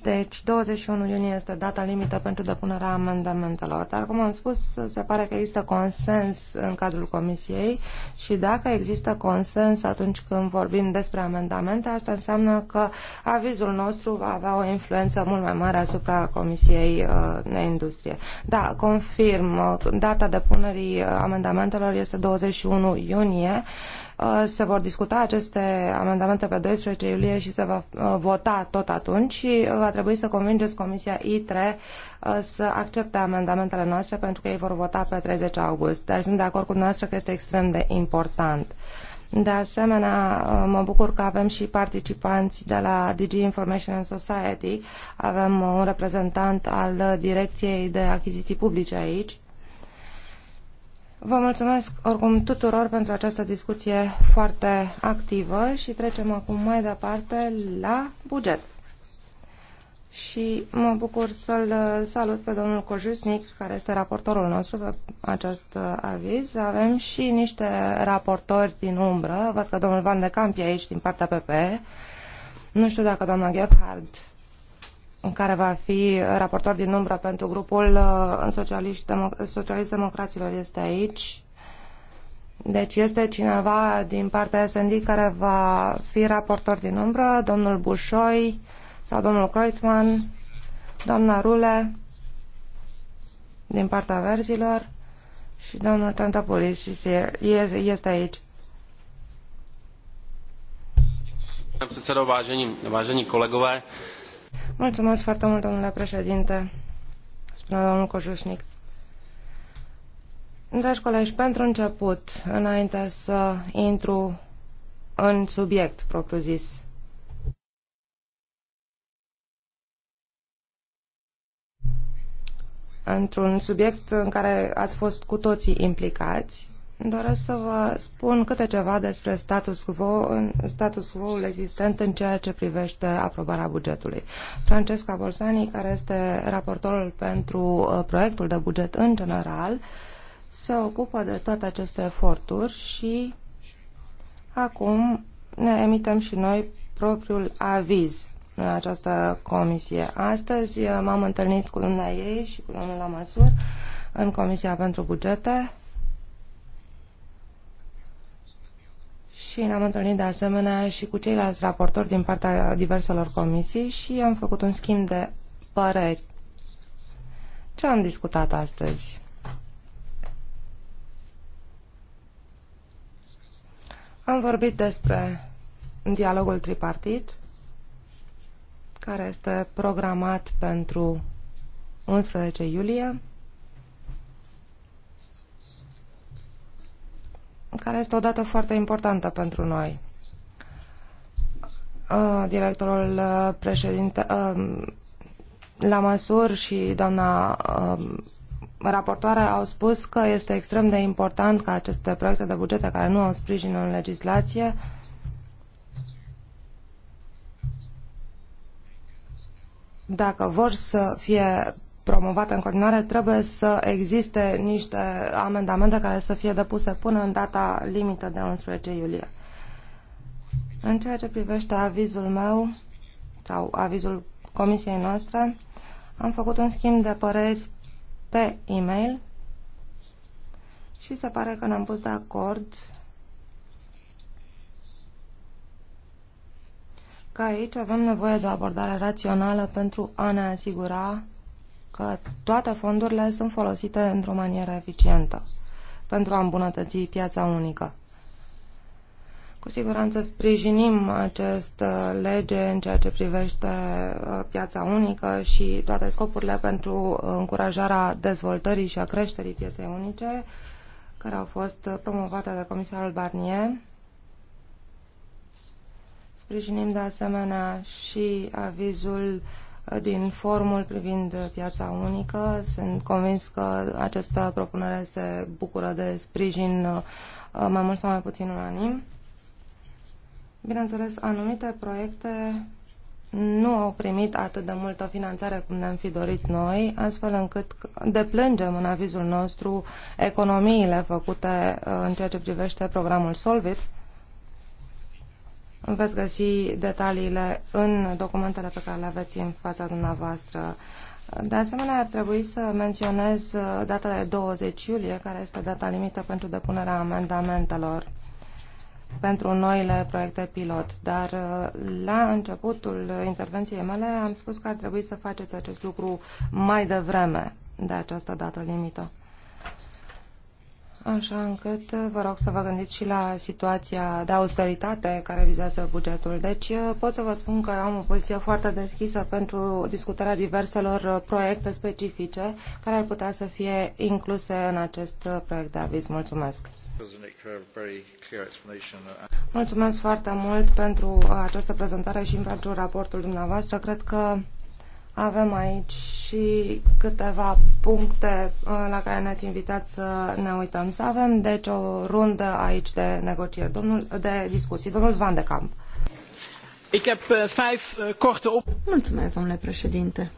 Deci, 21 iunie este data limită pentru depunerea amendamentelor. Dar, cum am spus, se pare că există consens în cadrul Comisiei și dacă există consens atunci când vorbim despre amendamente, asta înseamnă că avizul nostru va avea o influență mult mai mare asupra Comisiei uh, de Industrie. Da, confirm, uh, data depunerii uh, amendamentelor este 21 iunie. Uh, se vor discuta aceste amendamente pe 12 iulie și se va uh, vota tot atunci și va trebui să convingeți Comisia ITRE uh, să accepte amendamentele noastre pentru că ei vor vota pe 30 august. Dar sunt de acord cu dumneavoastră că este extrem de important. De asemenea, mă bucur că avem și participanți de la DG Information and Society. Avem un reprezentant al Direcției de Achiziții Publice aici Vă mulțumesc oricum tuturor pentru această discuție foarte activă și trecem acum mai departe la buget. Și mă bucur să-l salut pe domnul Cojusnic, care este raportorul nostru pe acest uh, aviz. Avem și niște raportori din umbră. Văd că domnul Van de Camp e aici din partea PP. Nu știu dacă doamna Gebhard care va fi raportor din umbră pentru grupul uh, socialist-democraților este aici. Deci este cineva din partea SND care va fi raportor din umbră, domnul Bușoi sau domnul Kreutzmann, doamna Rule din partea verzilor și domnul Tantapolis este aici. Pane předsedo, vážení, vážení kolegové, Mulțumesc foarte mult, domnule președinte, spune domnul Cojușnic. Dragi colegi, pentru început, înainte să intru în subiect propriu-zis, într-un subiect în care ați fost cu toții implicați, Doresc să vă spun câte ceva despre status quo, status quo existent în ceea ce privește aprobarea bugetului. Francesca Bolsani, care este raportorul pentru uh, proiectul de buget în general, se ocupă de toate aceste eforturi și acum ne emitem și noi propriul aviz în această comisie. Astăzi uh, m-am întâlnit cu dumnea ei și cu domnul Lamasur în Comisia pentru Bugete și ne-am întâlnit de asemenea și cu ceilalți raportori din partea diverselor comisii și am făcut un schimb de păreri. Ce am discutat astăzi? Am vorbit despre dialogul tripartit, care este programat pentru 11 iulie. care este o dată foarte importantă pentru noi. Uh, directorul uh, președinte uh, la măsuri și doamna raportoare au spus că este extrem de important ca aceste proiecte de bugete care nu au sprijin în legislație dacă vor să fie promovate în continuare, trebuie să existe niște amendamente care să fie depuse până în data limită de 11 iulie. În ceea ce privește avizul meu sau avizul comisiei noastre, am făcut un schimb de păreri pe e-mail și se pare că ne-am pus de acord că aici avem nevoie de o abordare rațională pentru a ne asigura că toate fondurile sunt folosite într-o manieră eficientă pentru a îmbunătăți piața unică. Cu siguranță sprijinim acest uh, lege în ceea ce privește uh, piața unică și toate scopurile pentru încurajarea dezvoltării și a creșterii pieței unice, care au fost uh, promovate de comisarul Barnier. Sprijinim de asemenea și avizul uh, din formul privind piața unică. Sunt convins că această propunere se bucură de sprijin uh, mai mult sau mai puțin unanim. Bineînțeles, anumite proiecte nu au primit atât de multă finanțare cum ne-am fi dorit noi, astfel încât deplângem în avizul nostru economiile făcute uh, în ceea ce privește programul Solvit, Veți găsi detaliile în documentele pe care le aveți în fața dumneavoastră. De asemenea, ar trebui să menționez uh, data de 20 iulie, care este data limită pentru depunerea amendamentelor pentru noile proiecte pilot, dar uh, la începutul intervenției mele am spus că ar trebui să faceți acest lucru mai devreme de această dată limită așa încât vă rog să vă gândiți și la situația de austeritate care vizează bugetul. Deci pot să vă spun că am o poziție foarte deschisă pentru discutarea diverselor proiecte specifice care ar putea să fie incluse în acest proiect de aviz. Mulțumesc! Mulțumesc foarte mult pentru această prezentare și pentru raportul dumneavoastră. Cred că avem aici și câteva puncte uh, la care ne-ați invitat să ne uităm. Să avem, deci, o rundă aici de negocieri, domnul, de discuții. Domnul Van de Camp. Uh, uh, mulțumesc, domnule președinte.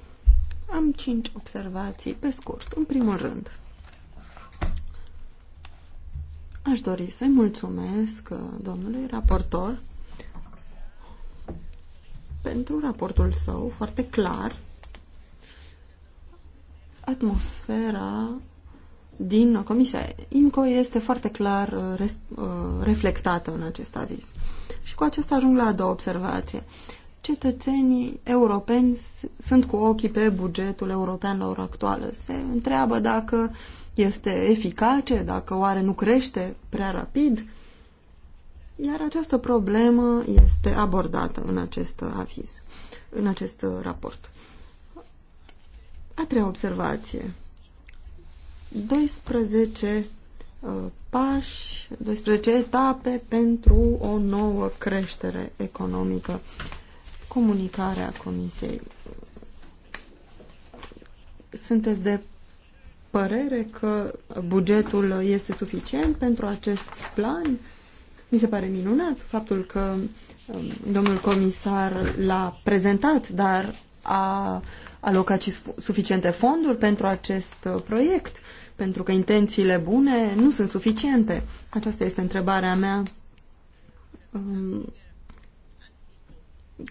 Am cinci observații, pe scurt. În primul rând, aș dori să-i mulțumesc domnului raportor pentru raportul său foarte clar atmosfera din Comisia INCO este foarte clar uh, res, uh, reflectată în acest aviz. Și cu acest ajung la a doua observație. Cetățenii europeni sunt cu ochii pe bugetul european la ora actuală. Se întreabă dacă este eficace, dacă oare nu crește prea rapid. Iar această problemă este abordată în acest aviz, în acest uh, raport. A treia observație. 12 uh, pași, 12 etape pentru o nouă creștere economică. Comunicarea Comisiei. Sunteți de părere că bugetul este suficient pentru acest plan? Mi se pare minunat faptul că um, domnul comisar l-a prezentat, dar a și suficiente fonduri pentru acest uh, proiect? Pentru că intențiile bune nu sunt suficiente. Aceasta este întrebarea mea. Um,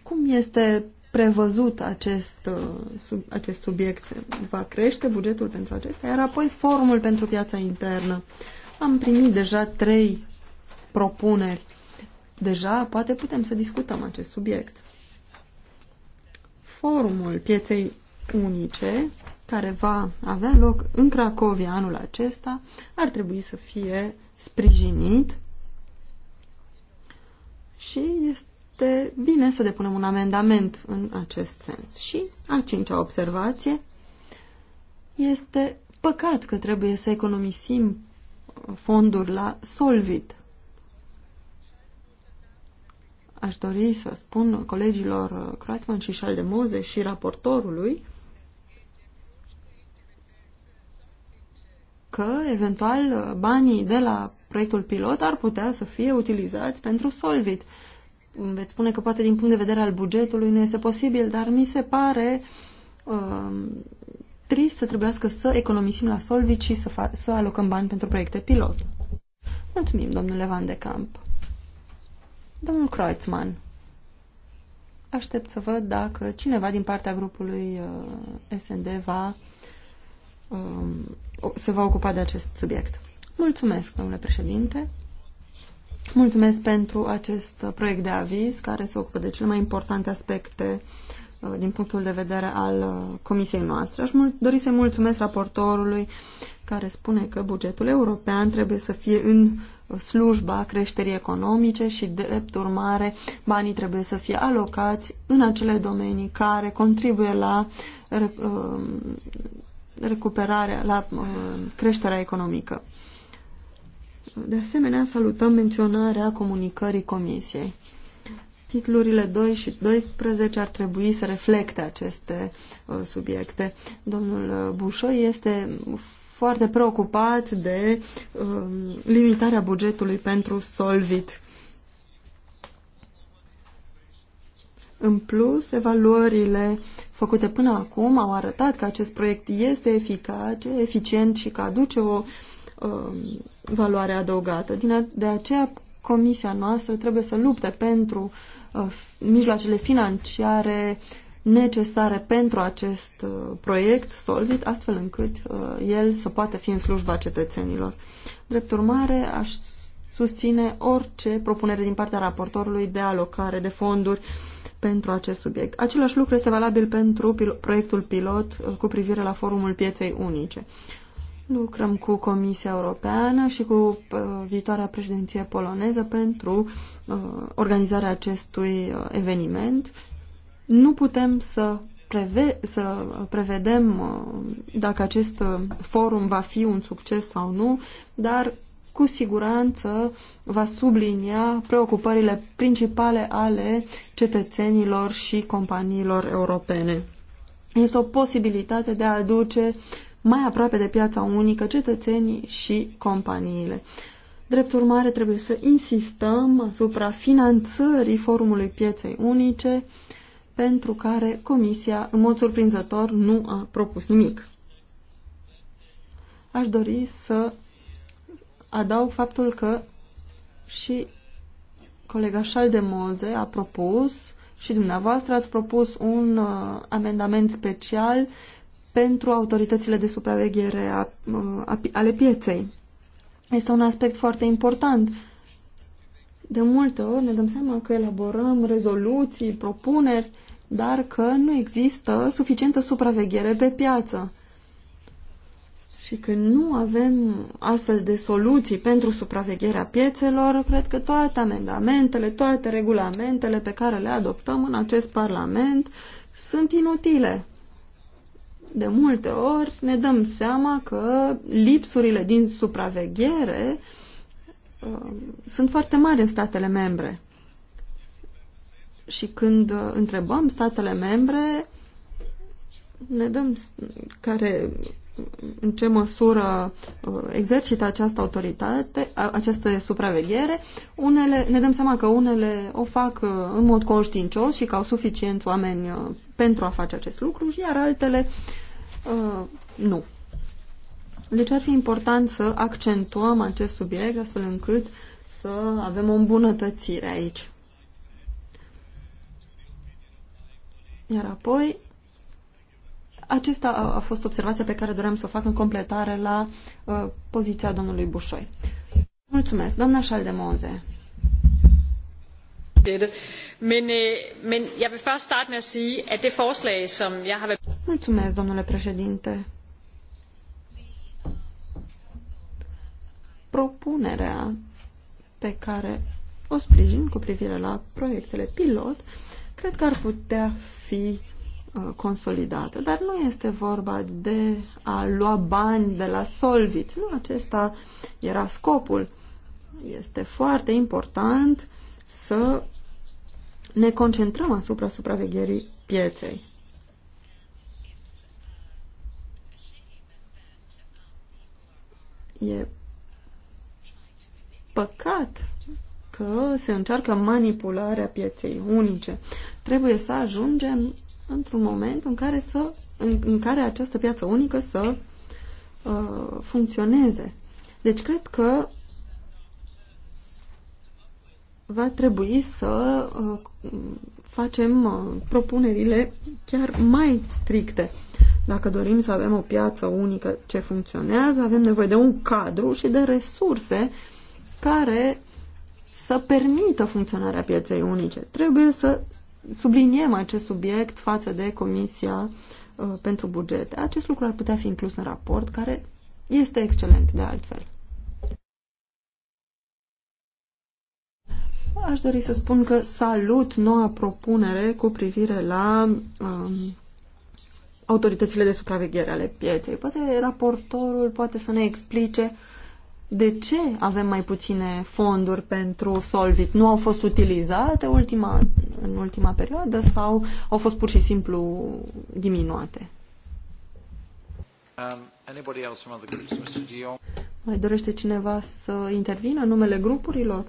cum este prevăzut acest, uh, acest subiect? Va crește bugetul pentru acesta? Iar apoi formul pentru piața internă. Am primit deja trei propuneri. Deja poate putem să discutăm acest subiect forumul pieței unice care va avea loc în Cracovia anul acesta ar trebui să fie sprijinit și este bine să depunem un amendament în acest sens. Și a cincea observație este păcat că trebuie să economisim fonduri la Solvit. Aș dori să spun colegilor uh, Croatman și de Moze și raportorului că, eventual, uh, banii de la proiectul pilot ar putea să fie utilizați pentru Solvit. Veți spune că poate din punct de vedere al bugetului nu este posibil, dar mi se pare um, trist să trebuiască să economisim la Solvit și să, să alocăm bani pentru proiecte pilot. Mulțumim, domnule Van de Camp. Domnul Kreutzmann, aștept să văd dacă cineva din partea grupului uh, SND va, um, se va ocupa de acest subiect. Mulțumesc, domnule președinte. Mulțumesc pentru acest uh, proiect de aviz care se ocupă de cele mai importante aspecte uh, din punctul de vedere al comisiei noastre. Aș dori să mulțumesc raportorului care spune că bugetul european trebuie să fie în slujba creșterii economice și, drept urmare, banii trebuie să fie alocați în acele domenii care contribuie la um, recuperarea, la um, creșterea economică. De asemenea, salutăm menționarea comunicării Comisiei. Titlurile 2 și 12 ar trebui să reflecte aceste uh, subiecte. Domnul uh, Bușoi este foarte preocupat de um, limitarea bugetului pentru Solvit. În plus, evaluările făcute până acum au arătat că acest proiect este eficace, eficient și că aduce o um, valoare adăugată. Din a, de aceea, comisia noastră trebuie să lupte pentru uh, mijloacele financiare uh, necesare pentru acest uh, proiect solid, astfel încât uh, el să poată fi în slujba cetățenilor. Drept urmare, aș susține orice propunere din partea raportorului de alocare de fonduri pentru acest subiect. Același lucru este valabil pentru pil proiectul pilot uh, cu privire la forumul pieței unice. Lucrăm cu Comisia Europeană și cu uh, viitoarea președinție poloneză pentru uh, organizarea acestui uh, eveniment nu putem să, preve să prevedem uh, dacă acest uh, forum va fi un succes sau nu, dar cu siguranță va sublinia preocupările principale ale cetățenilor și companiilor europene. Este o posibilitate de a aduce mai aproape de piața unică cetățenii și companiile. Drept urmare, trebuie să insistăm asupra finanțării forumului pieței unice, pentru care Comisia, în mod surprinzător, nu a propus nimic. Aș dori să adaug faptul că și colega Șaldemoze a propus și dumneavoastră ați propus un uh, amendament special pentru autoritățile de supraveghere a, uh, a, ale pieței. Este un aspect foarte important. De multe ori ne dăm seama că elaborăm rezoluții, propuneri dar că nu există suficientă supraveghere pe piață și că nu avem astfel de soluții pentru supravegherea piețelor, cred că toate amendamentele, toate regulamentele pe care le adoptăm în acest Parlament sunt inutile. De multe ori ne dăm seama că lipsurile din supraveghere uh, sunt foarte mari în statele membre și când uh, întrebăm statele membre, ne dăm care, în ce măsură uh, exercită această autoritate, această supraveghere, unele, ne dăm seama că unele o fac uh, în mod conștiincios și că au suficient oameni pentru a face acest lucru, iar altele nu. Deci ar fi important să accentuăm acest subiect astfel încât să avem o îmbunătățire aici. Iar apoi, acesta a, a fost observația pe care doream să o fac în completare la uh, poziția domnului Bușoi. Mulțumesc, doamna Șaldemoze. Mulțumesc, domnule președinte. Propunerea pe care o sprijin cu privire la proiectele pilot uh, cred că ar putea fi uh, consolidată. Dar nu este vorba de a lua bani de la Solvit. Nu acesta era scopul. Este foarte important să ne concentrăm asupra supravegherii pieței. E păcat că se încearcă manipularea pieței unice. Trebuie să ajungem într-un moment în care, să, în, în care această piață unică să uh, funcționeze. Deci cred că va trebui să uh, facem uh, propunerile chiar mai stricte. Dacă dorim să avem o piață unică ce funcționează, avem nevoie de un cadru și de resurse care să permită funcționarea pieței unice. Trebuie să subliniem acest subiect față de Comisia uh, pentru Bugete. Acest lucru ar putea fi inclus în raport, care este excelent de altfel. Aș dori să spun că salut noua propunere cu privire la um, autoritățile de supraveghere ale pieței. Poate raportorul poate să ne explice uh, de ce avem mai puține fonduri pentru Solvit? Nu au fost utilizate ultima, în ultima perioadă sau au fost pur și simplu diminuate? Um, mai dorește cineva să intervină în numele grupurilor?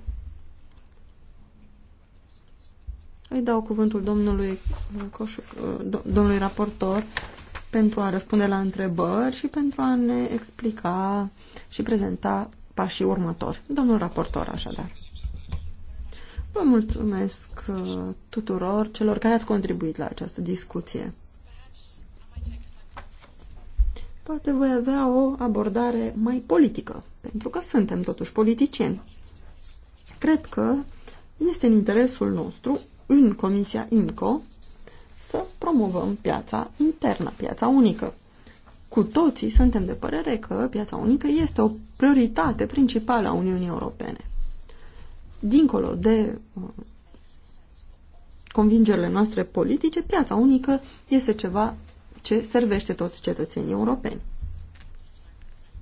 Îi dau cuvântul domnului, uh, domnului raportor pentru a răspunde la întrebări și pentru a ne explica și prezenta pașii următori. Domnul raportor, așadar. Vă mulțumesc uh, tuturor celor care ați contribuit la această discuție. Poate voi avea o abordare mai politică, pentru că suntem totuși politicieni. Cred că este în interesul nostru, în Comisia IMCO, să promovăm piața internă, piața unică. Cu toții suntem de părere că piața unică este o prioritate principală a Uniunii Europene. Dincolo de uh, convingerile noastre politice, piața unică este ceva ce servește toți cetățenii europeni.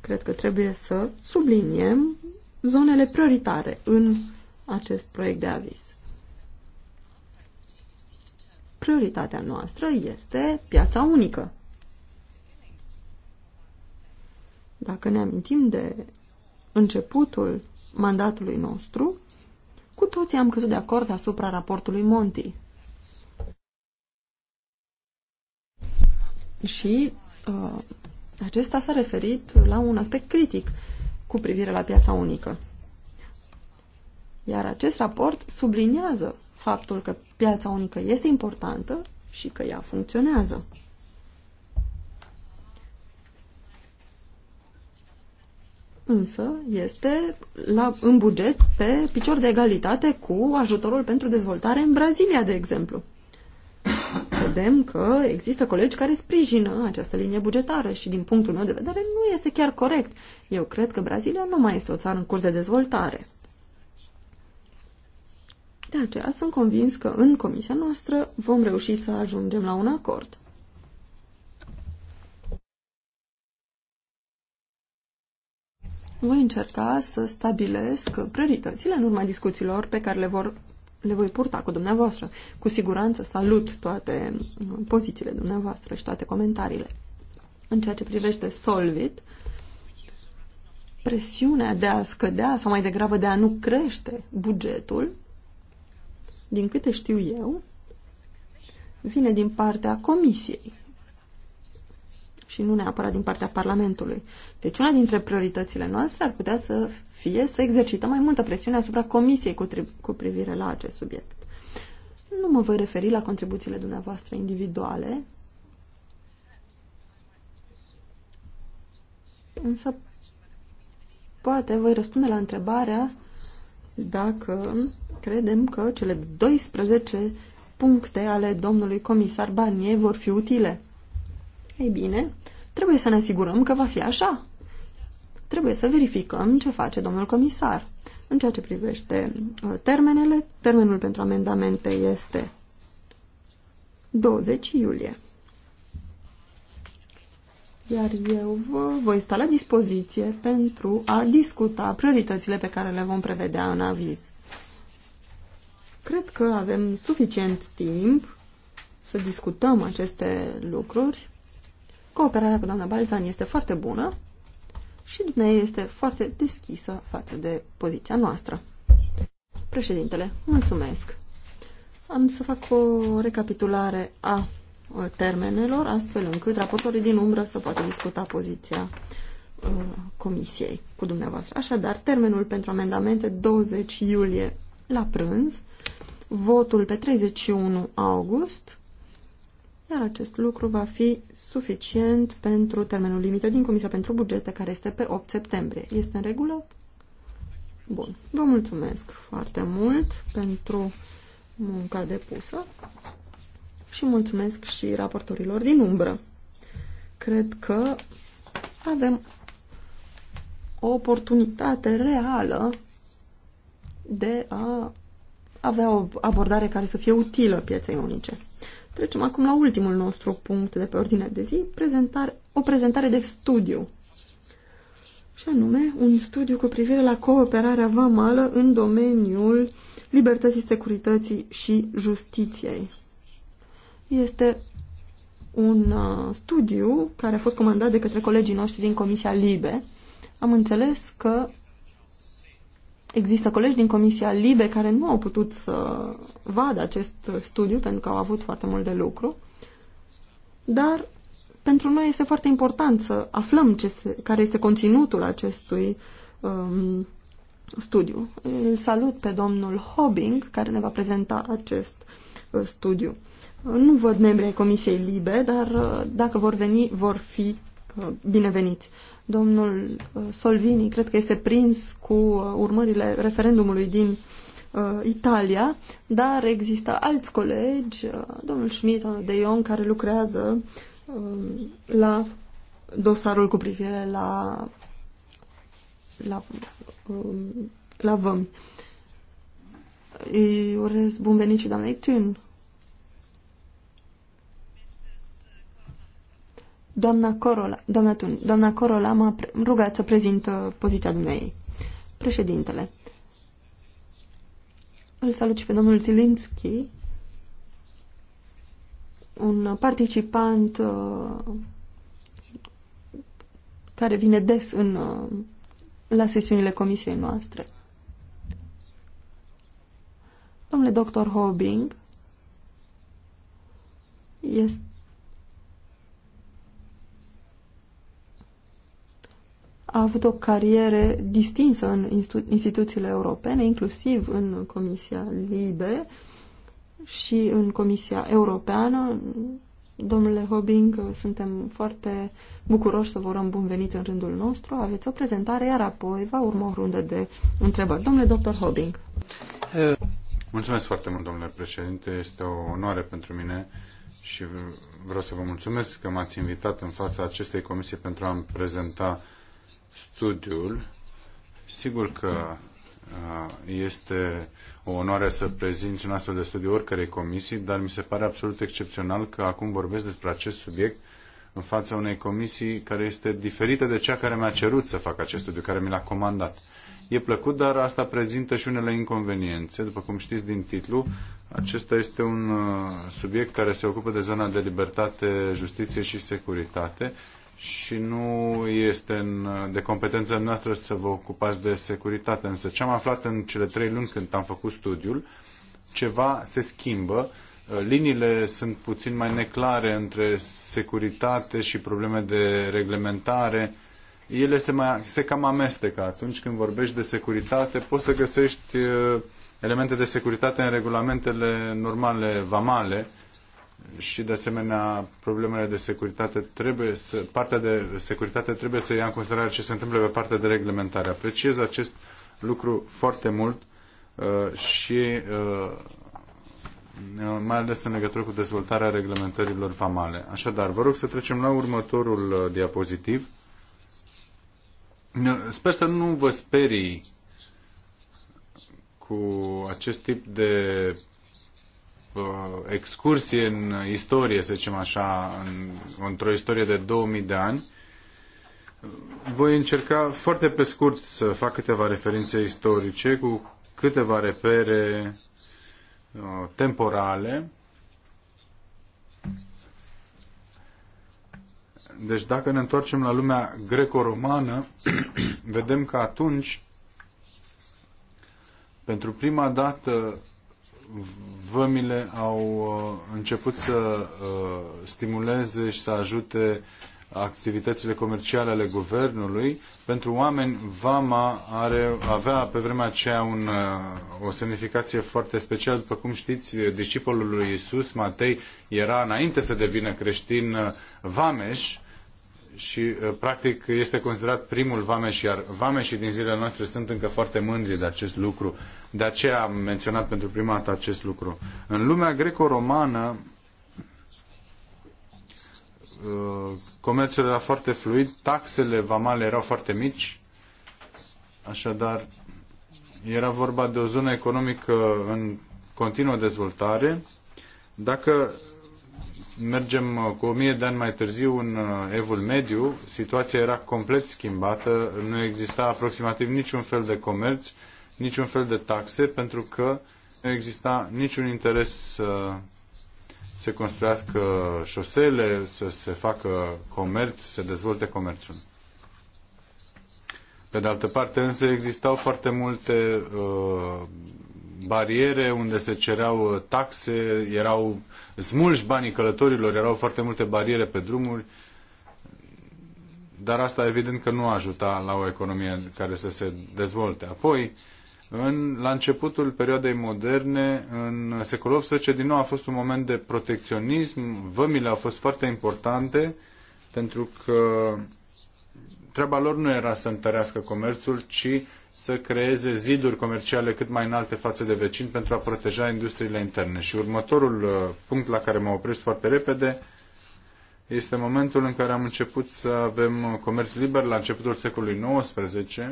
Cred că trebuie să subliniem zonele prioritare în acest proiect de aviz prioritatea noastră este piața unică. Dacă ne amintim de începutul mandatului nostru, cu toții am căzut de acord asupra raportului Monti. Și uh, acesta s-a referit la un aspect critic cu privire la piața unică. Iar acest raport subliniază faptul că piața unică este importantă și că ea funcționează. Însă este la, în buget pe picior de egalitate cu ajutorul pentru dezvoltare în Brazilia, de exemplu. Vedem că există colegi care sprijină această linie bugetară și din punctul meu de vedere nu este chiar corect. Eu cred că Brazilia nu mai este o țară în curs de dezvoltare. De aceea sunt convins că în comisia noastră vom reuși să ajungem la un acord. Voi încerca să stabilesc prioritățile în urma discuțiilor pe care le, vor, le voi purta cu dumneavoastră. Cu siguranță salut toate pozițiile dumneavoastră și toate comentariile. În ceea ce privește Solvit, presiunea de a scădea sau mai degrabă de a nu crește bugetul din câte știu eu, vine din partea Comisiei și nu neapărat din partea Parlamentului. Deci una dintre prioritățile noastre ar putea să fie să exercităm mai multă presiune asupra Comisiei cu, cu privire la acest subiect. Nu mă voi referi la contribuțiile dumneavoastră individuale, însă poate voi răspunde la întrebarea dacă Credem că cele 12 puncte ale domnului comisar Barnier vor fi utile. Ei bine, trebuie să ne asigurăm că va fi așa. Trebuie să verificăm ce face domnul comisar. În ceea ce privește uh, termenele, termenul pentru amendamente este 20 iulie. Iar eu vă voi sta la dispoziție pentru a discuta prioritățile pe care le vom prevedea în aviz. Cred că avem suficient timp să discutăm aceste lucruri. Cooperarea cu doamna Balzan este foarte bună și dumneavoastră este foarte deschisă față de poziția noastră. Președintele, mulțumesc. Am să fac o recapitulare a termenelor, astfel încât raportorii din umbră să poată discuta poziția comisiei cu dumneavoastră. Așadar, termenul pentru amendamente 20 iulie la prânz, votul pe 31 august, iar acest lucru va fi suficient pentru termenul limită din Comisia pentru Bugete, care este pe 8 septembrie. Este în regulă? Bun. Vă mulțumesc foarte mult pentru munca depusă și mulțumesc și raportorilor din umbră. Cred că avem o oportunitate reală de a avea o abordare care să fie utilă pieței unice. Trecem acum la ultimul nostru punct de pe ordinea de zi, prezentare, o prezentare de studiu. Și anume, un studiu cu privire la cooperarea vamală în domeniul libertății, securității și justiției. Este un uh, studiu care a fost comandat de către colegii noștri din Comisia Libe. Am înțeles că Există colegi din Comisia Libe care nu au putut să vadă acest studiu pentru că au avut foarte mult de lucru, dar pentru noi este foarte important să aflăm ce se, care este conținutul acestui um, studiu. Îl salut pe domnul Hobbing, care ne va prezenta acest uh, studiu. Nu văd membrii Comisiei Libe, dar uh, dacă vor veni, vor fi uh, bineveniți. Domnul uh, Solvini, cred că este prins cu uh, urmările referendumului din uh, Italia, dar există alți colegi, domnul Schmidt, domnul De Jong, care lucrează um, la dosarul cu privire la la, um, la vămi. Îi urez bun venit și doamnei Tune. Doamna Corola, doamna, Tun, doamna Corola m-a rugat să prezint uh, poziția dumneei. Președintele. Îl salut și pe domnul Zilinski, un participant uh, care vine des în, uh, la sesiunile comisiei noastre. Domnule doctor Hobing, este a avut o carieră distinsă în institu instituțiile europene, inclusiv în Comisia Libe și în Comisia Europeană. Domnule Hobbing, suntem foarte bucuroși să vă urăm bun venit în rândul nostru. Aveți o prezentare, iar apoi va urma o rundă de întrebări. Domnule doctor Hobbing. Mulțumesc foarte mult, domnule președinte. Este o onoare pentru mine și vreau să vă mulțumesc că m-ați invitat în fața acestei comisii pentru a-mi prezenta studiul. Sigur că este o onoare să prezinți un astfel de studiu oricărei comisii, dar mi se pare absolut excepțional că acum vorbesc despre acest subiect în fața unei comisii care este diferită de cea care mi-a cerut să fac acest studiu, care mi l-a comandat. E plăcut, dar asta prezintă și unele inconveniențe. După cum știți din titlu, acesta este un subiect care se ocupă de zona de libertate, justiție și securitate și nu este în, de competența noastră să vă ocupați de securitate. Însă ce am aflat în cele trei luni când am făcut studiul, ceva se schimbă. Liniile sunt puțin mai neclare între securitate și probleme de reglementare. Ele se, mai, se cam amestecă. Atunci când vorbești de securitate, poți să găsești uh, elemente de securitate în regulamentele normale vamale, și de asemenea problemele de securitate trebuie să, partea de securitate trebuie să ia în considerare ce se întâmplă pe partea de reglementare. Apreciez acest lucru foarte mult uh, și uh, mai ales în legătură cu dezvoltarea reglementărilor famale. Așadar, vă rog să trecem la următorul uh, diapozitiv. Sper să nu vă sperii cu acest tip de Uh, excursie în istorie, să zicem așa, în, într-o istorie de 2000 de ani, voi încerca foarte pe scurt să fac câteva referințe istorice cu câteva repere uh, temporale. Deci dacă ne întoarcem la lumea greco-romană, vedem că atunci, pentru prima dată, vămile au uh, început să uh, stimuleze și să ajute activitățile comerciale ale guvernului. Pentru oameni, vama are, avea pe vremea aceea un, uh, o semnificație foarte specială. După cum știți, discipolul lui Isus, Matei, era înainte să devină creștin vameș și uh, practic este considerat primul vameș, iar vameșii din zilele noastre sunt încă foarte mândri de acest lucru. De aceea am menționat pentru prima dată acest lucru. În lumea greco-romană, uh, comerțul era foarte fluid, taxele vamale erau foarte mici, așadar era vorba de o zonă economică în continuă dezvoltare. Dacă mergem uh, cu o mie de ani mai târziu în uh, Evul Mediu, situația era complet schimbată, nu exista aproximativ niciun fel de comerț, niciun fel de taxe, pentru că nu exista niciun interes să se construiască șosele, să se facă comerț, să se dezvolte comerțul. Pe de altă parte, însă, existau foarte multe uh, bariere unde se cereau taxe, erau smulși banii călătorilor, erau foarte multe bariere pe drumuri, dar asta evident că nu ajuta la o economie care să se dezvolte. Apoi, în, la începutul perioadei moderne, în secolul XVIII, din nou a fost un moment de protecționism, vămile au fost foarte importante pentru că treaba lor nu era să întărească comerțul, ci să creeze ziduri comerciale cât mai înalte față de vecini pentru a proteja industriile interne. Și următorul uh, punct la care mă opresc foarte repede este momentul în care am început să avem uh, comerț liber la începutul secolului XIX. Uh,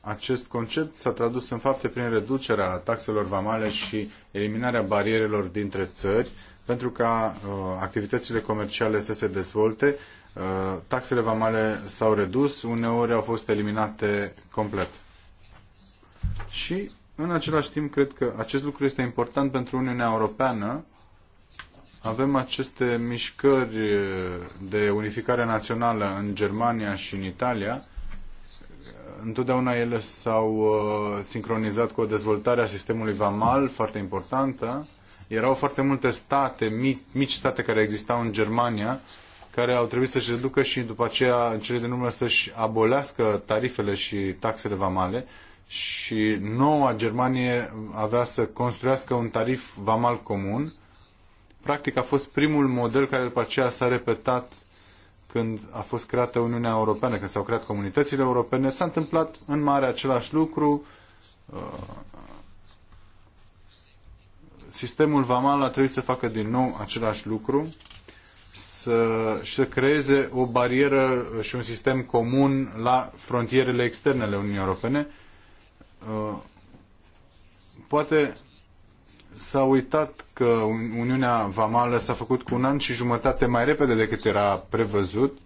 acest concept s-a tradus în fapte prin reducerea taxelor vamale și eliminarea barierelor dintre țări, pentru ca uh, activitățile comerciale să se dezvolte. Uh, taxele vamale s-au redus, uneori au fost eliminate complet. Și, în același timp, cred că acest lucru este important pentru Uniunea Europeană. Avem aceste mișcări de unificare națională în Germania și în Italia, întotdeauna ele s-au uh, sincronizat cu dezvoltarea sistemului VAMAL foarte importantă. Erau foarte multe state, mici, mici state care existau în Germania, care au trebuit să-și reducă și după aceea, în cele din urmă, să-și abolească tarifele și taxele VAMALE și noua Germanie avea să construiască un tarif VAMAL comun. Practic a fost primul model care după aceea s-a repetat când a fost creată Uniunea Europeană, când s-au creat comunitățile europene, s-a întâmplat în mare același lucru. Uh, sistemul VAMAL a trebuit să facă din nou același lucru să, și să creeze o barieră și un sistem comun la frontierele externe ale Uniunii Europene. Uh, poate s-a uitat că Uniunea Vamală s-a făcut cu un an și jumătate mai repede decât era prevăzut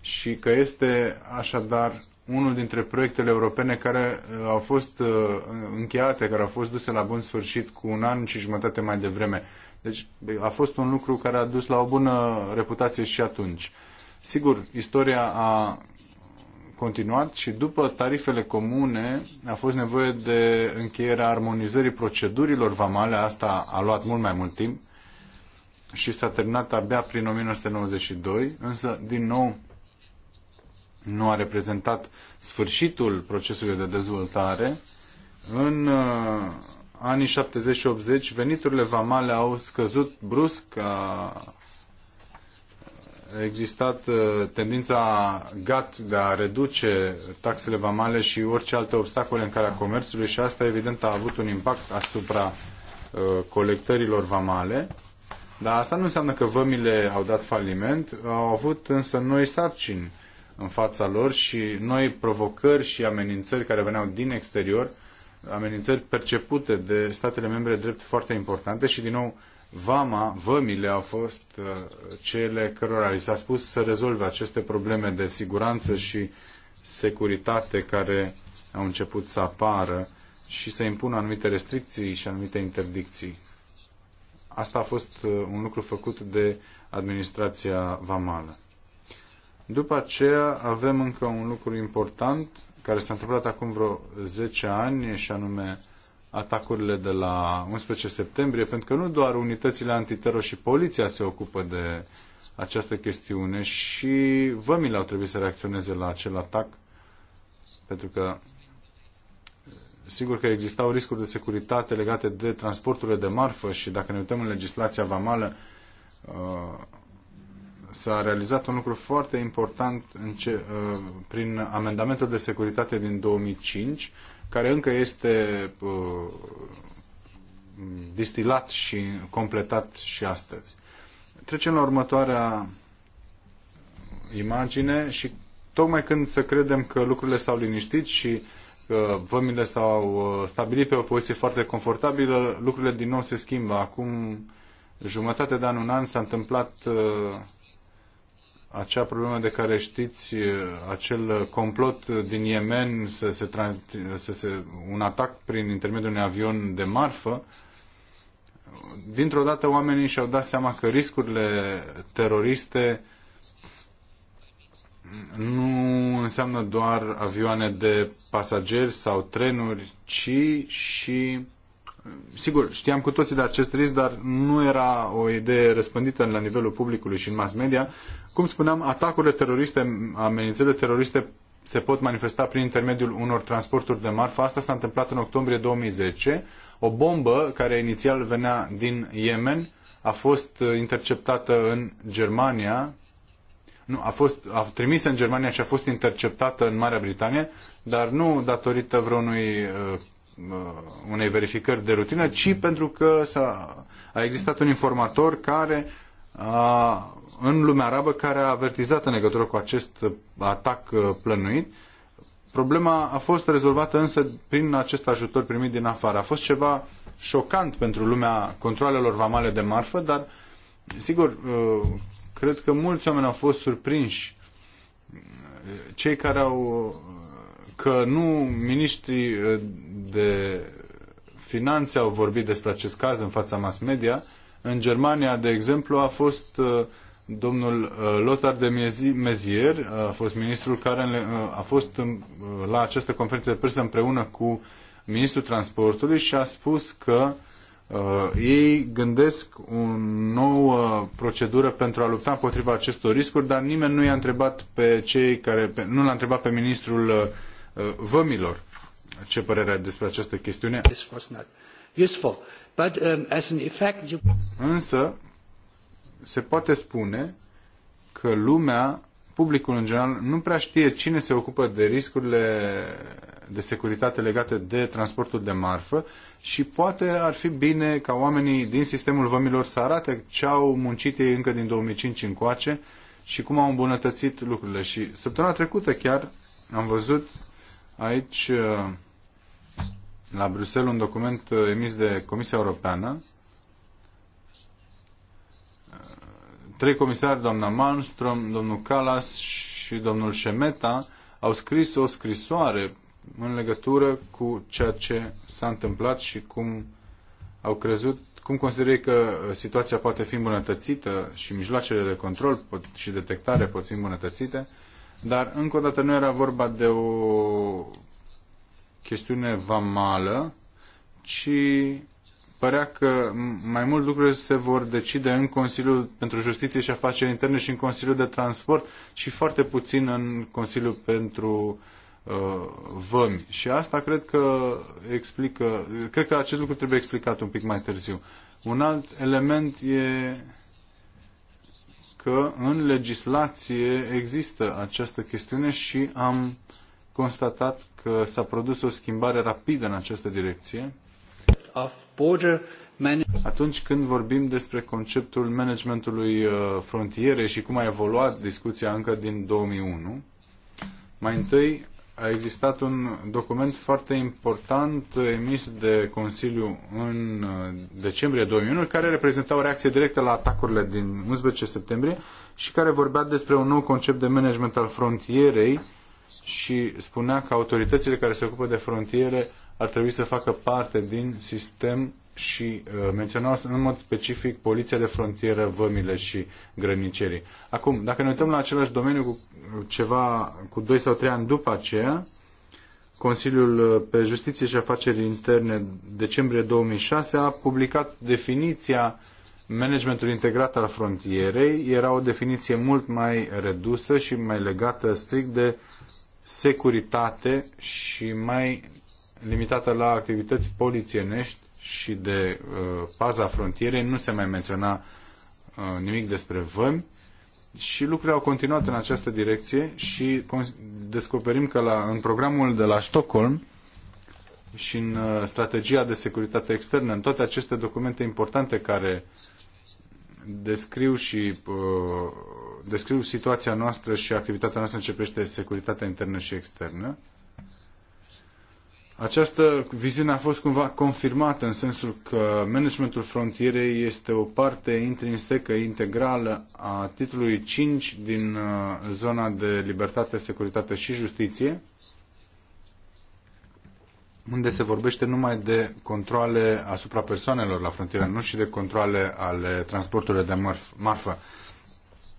și că este așadar unul dintre proiectele europene care uh, au fost uh, încheiate, care au fost duse la bun sfârșit cu un an și jumătate mai devreme. Deci a fost un lucru care a dus la o bună reputație și atunci. Sigur, istoria a continuat și după tarifele comune a fost nevoie de încheierea armonizării procedurilor vamale, asta a luat mult mai mult timp și s-a terminat abia prin 1992, însă din nou nu a reprezentat sfârșitul procesului de dezvoltare. În uh, anii 70 80 veniturile vamale au scăzut brusc, a a existat uh, tendința GATT de a reduce taxele vamale și orice alte obstacole în calea comerțului și asta evident a avut un impact asupra uh, colectărilor vamale. Dar asta nu înseamnă că vămile au dat faliment, au avut însă noi sarcini în fața lor și noi provocări și amenințări care veneau din exterior, amenințări percepute de statele membre drept foarte importante și din nou Vama, vămile au fost uh, cele cărora li s-a spus să rezolve aceste probleme de siguranță și securitate care au început să apară și să impună anumite restricții și anumite interdicții. Asta a fost uh, un lucru făcut de administrația vamală. După aceea avem încă un lucru important care s-a întâmplat acum vreo 10 ani și anume atacurile de la 11 septembrie, pentru că nu doar unitățile antiteror și poliția se ocupă de această chestiune și vămile au trebuit să reacționeze la acel atac, pentru că sigur că existau riscuri de securitate legate de transporturile de marfă și dacă ne uităm în legislația vamală, uh, s-a realizat un lucru foarte important în ce, uh, prin amendamentul de securitate din 2005, care încă este uh, distilat și completat și astăzi. Trecem la următoarea imagine și tocmai când să credem că lucrurile s-au liniștit și că uh, vămile s-au uh, stabilit pe o poziție foarte confortabilă, lucrurile din nou se schimbă. Acum jumătate de an, un an s-a întâmplat uh, acea problemă de care știți, acel complot din Yemen, să se, trans, să se, un atac prin intermediul unui avion de marfă, dintr-o dată oamenii și-au dat seama că riscurile teroriste nu înseamnă doar avioane de pasageri sau trenuri, ci și sigur, știam cu toții de acest risc, dar nu era o idee răspândită la nivelul publicului și în mass media. Cum spuneam, atacurile teroriste, amenințările teroriste se pot manifesta prin intermediul unor transporturi de marfă. Asta s-a întâmplat în octombrie 2010. O bombă care inițial venea din Yemen a fost uh, interceptată în Germania, nu, a fost a trimisă în Germania și a fost interceptată în Marea Britanie, dar nu datorită vreunui uh, Uh, unei verificări de rutină, ci pentru că s-a, a existat un informator care a, în lumea arabă care a avertizat în legătură cu acest atac uh, plănuit. Problema a fost rezolvată însă prin acest ajutor primit din afară. A fost ceva șocant pentru lumea controlelor vamale de marfă, dar sigur, uh, cred că mulți oameni au fost surprinși. Cei care au că nu miniștrii uh, de finanțe au vorbit despre acest caz în fața mass media. În Germania, de exemplu, a fost uh, domnul uh, Lothar de Mezier, a fost ministrul care a fost um, la această conferință de presă împreună cu ministrul transportului și a spus că Uh, ei gândesc o nouă procedură pentru a lupta împotriva acestor riscuri, dar nimeni nu i-a întrebat pe cei care, pe, nu l-a întrebat pe ministrul Uh, vămilor. Ce părere ai despre această chestiune? Um, Însă, se poate spune că lumea, publicul în general, nu prea știe cine se ocupă de riscurile de securitate legate de transportul de marfă și poate ar fi bine ca oamenii din sistemul vămilor să arate ce au muncit ei încă din 2005 încoace și cum au îmbunătățit lucrurile. Și săptămâna trecută chiar am văzut aici uh, la Bruxelles un document uh, emis de Comisia Europeană. Uh, trei comisari, doamna Malmström, domnul Calas și domnul Șemeta, au scris o scrisoare în legătură cu ceea ce s-a întâmplat și cum au crezut, cum consideră că situația poate fi îmbunătățită și mijloacele de control pot, și detectare pot fi îmbunătățite. Uh, dar, încă o dată, nu era vorba de o chestiune vamală, ci părea că mai mult lucruri se vor decide în Consiliul pentru Justiție și Afaceri Interne și în Consiliul de Transport și foarte puțin în Consiliul pentru uh, Vămi. Și asta cred că explică, cred că acest lucru trebuie explicat un pic mai târziu. Un alt element e că în legislație există această chestiune și am constatat că s-a produs o schimbare rapidă în această direcție. Atunci când vorbim despre conceptul managementului uh, frontiere și cum a evoluat discuția încă din 2001, mai întâi a existat un document foarte important emis de Consiliu în uh, decembrie 2001, care reprezenta o reacție directă la atacurile din 11 septembrie și care vorbea despre un nou concept de management al frontierei și spunea că autoritățile care se ocupă de frontiere ar trebui să facă parte din sistem și uh, menționați în mod specific poliția de frontieră, vămile și grănicerii. Acum, dacă ne uităm la același domeniu cu ceva cu 2 sau 3 ani după aceea, Consiliul uh, pe Justiție și Afaceri Interne, decembrie 2006, a publicat definiția managementului integrat al frontierei. Era o definiție mult mai redusă și mai legată strict de securitate și mai limitată la activități polițienești și de uh, paza frontierei, nu se mai menționa uh, nimic despre vămi și lucrurile au continuat în această direcție și descoperim că la, în programul de la Stockholm și în uh, strategia de securitate externă, în toate aceste documente importante care descriu și uh, descriu situația noastră și activitatea noastră în ce privește securitatea internă și externă, această viziune a fost cumva confirmată în sensul că managementul frontierei este o parte intrinsecă, integrală a titlului 5 din uh, zona de libertate, securitate și justiție, unde se vorbește numai de controle asupra persoanelor la frontieră, nu și de controle ale transporturilor de marfă.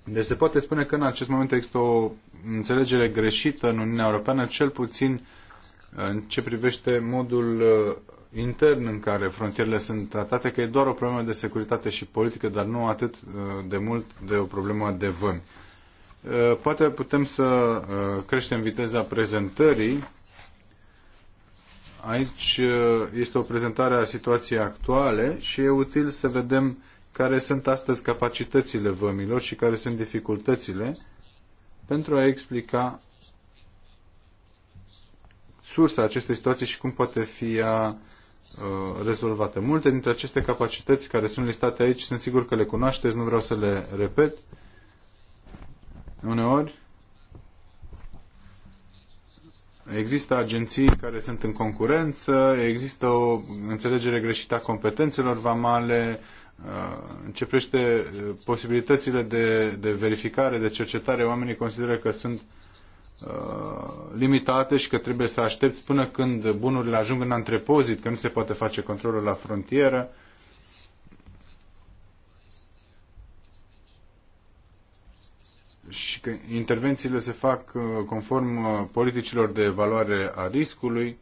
Deci se poate spune că în acest moment există o înțelegere greșită în Uniunea Europeană, cel puțin uh, în ce privește modul uh, intern în care frontierele sunt tratate, că e doar o problemă de securitate și politică, dar nu atât uh, de mult de o problemă de vămi. Uh, poate putem să creștem viteza prezentării. Aici este o prezentare a situației actuale și e util să vedem care sunt astăzi capacitățile vămilor și care sunt dificultățile pentru a explica sursa acestei situații și cum poate fi ea uh, rezolvată. Multe dintre aceste capacități care sunt listate aici, sunt sigur că le cunoașteți, nu vreau să le repet. Uneori există agenții care sunt în concurență, există o înțelegere greșită a competențelor vamale, uh, începește uh, posibilitățile de, de verificare, de cercetare, oamenii consideră că sunt uh, Uh, limitate și că trebuie să aștepți până când bunurile ajung în antrepozit, că nu se poate face controlul la frontieră. Și că intervențiile se fac uh, conform uh, politicilor de evaluare a riscului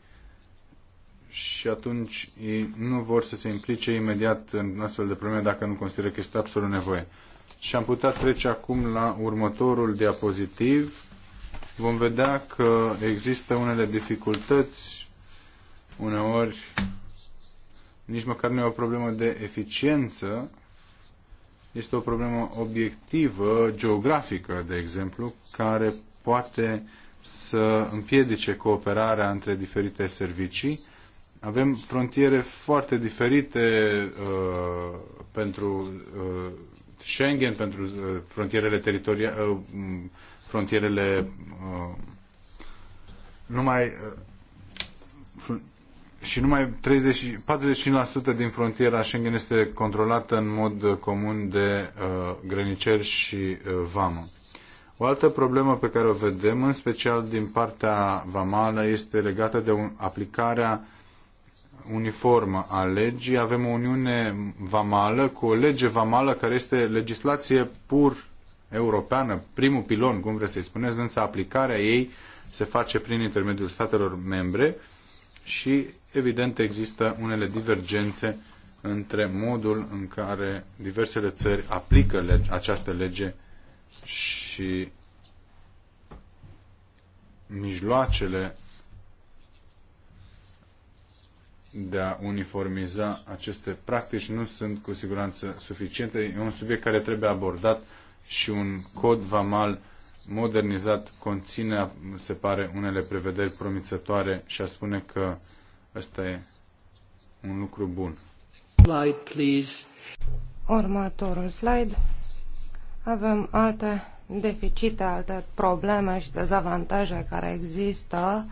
și atunci ei nu vor să se implice imediat în astfel de probleme dacă nu consideră că este absolut nevoie. Și am putea trece acum la următorul diapozitiv vom vedea că există unele dificultăți, uneori nici măcar nu e o problemă de eficiență, este o problemă obiectivă, geografică, de exemplu, care poate să împiedice cooperarea între diferite servicii. Avem frontiere foarte diferite uh, pentru uh, Schengen, pentru uh, frontierele teritoriale. Uh, frontierele uh, numai uh, și numai 30, 45% din frontiera Schengen este controlată în mod comun de uh, grăniceri și uh, vamă. O altă problemă pe care o vedem, în special din partea vamală, este legată de un, aplicarea uniformă a legii. Avem o uniune vamală cu o lege vamală care este legislație pur europeană, primul pilon, cum vreți să-i spuneți, însă aplicarea ei se face prin intermediul statelor membre și, evident, există unele divergențe între modul în care diversele țări aplică lege, această lege și mijloacele de a uniformiza aceste practici nu sunt cu siguranță suficiente. E un subiect care trebuie abordat și un cod vamal modernizat conține, se pare, unele prevederi promițătoare și a spune că ăsta e un lucru bun. Slide, please. Următorul slide. Avem alte deficite, alte probleme și dezavantaje care există.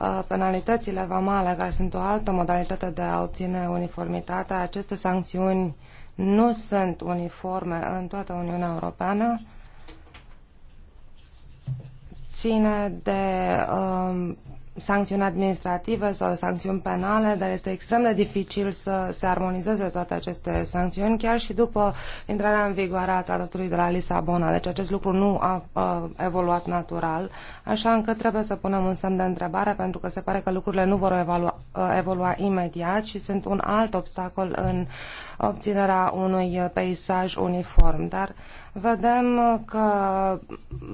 Uh, penalitățile vamale, care sunt o altă modalitate de a obține uniformitate, aceste sancțiuni nu sunt uniforme în toată Uniunea Europeană ține de uh, sancțiuni administrative sau sancțiuni penale, dar este extrem de dificil să se armonizeze toate aceste sancțiuni, chiar și după intrarea în vigoare a tratatului de la Lisabona. Deci acest lucru nu a, a evoluat natural, așa încât trebuie să punem un semn de întrebare, pentru că se pare că lucrurile nu vor evolua, evolua imediat și sunt un alt obstacol în obținerea unui peisaj uniform. Dar vedem că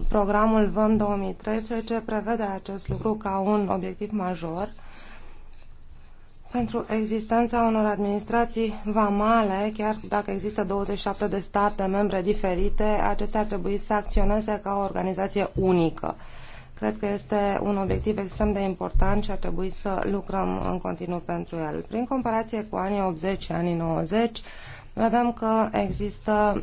programul VAM 2013 prevede acest lucru ca un obiectiv major pentru existența unor administrații vamale, chiar dacă există 27 de state membre diferite, acestea ar trebui să acționeze ca o organizație unică. Cred că este un obiectiv extrem de important și ar trebui să lucrăm în continuu pentru el. Prin comparație cu anii 80 și anii 90, vedem că există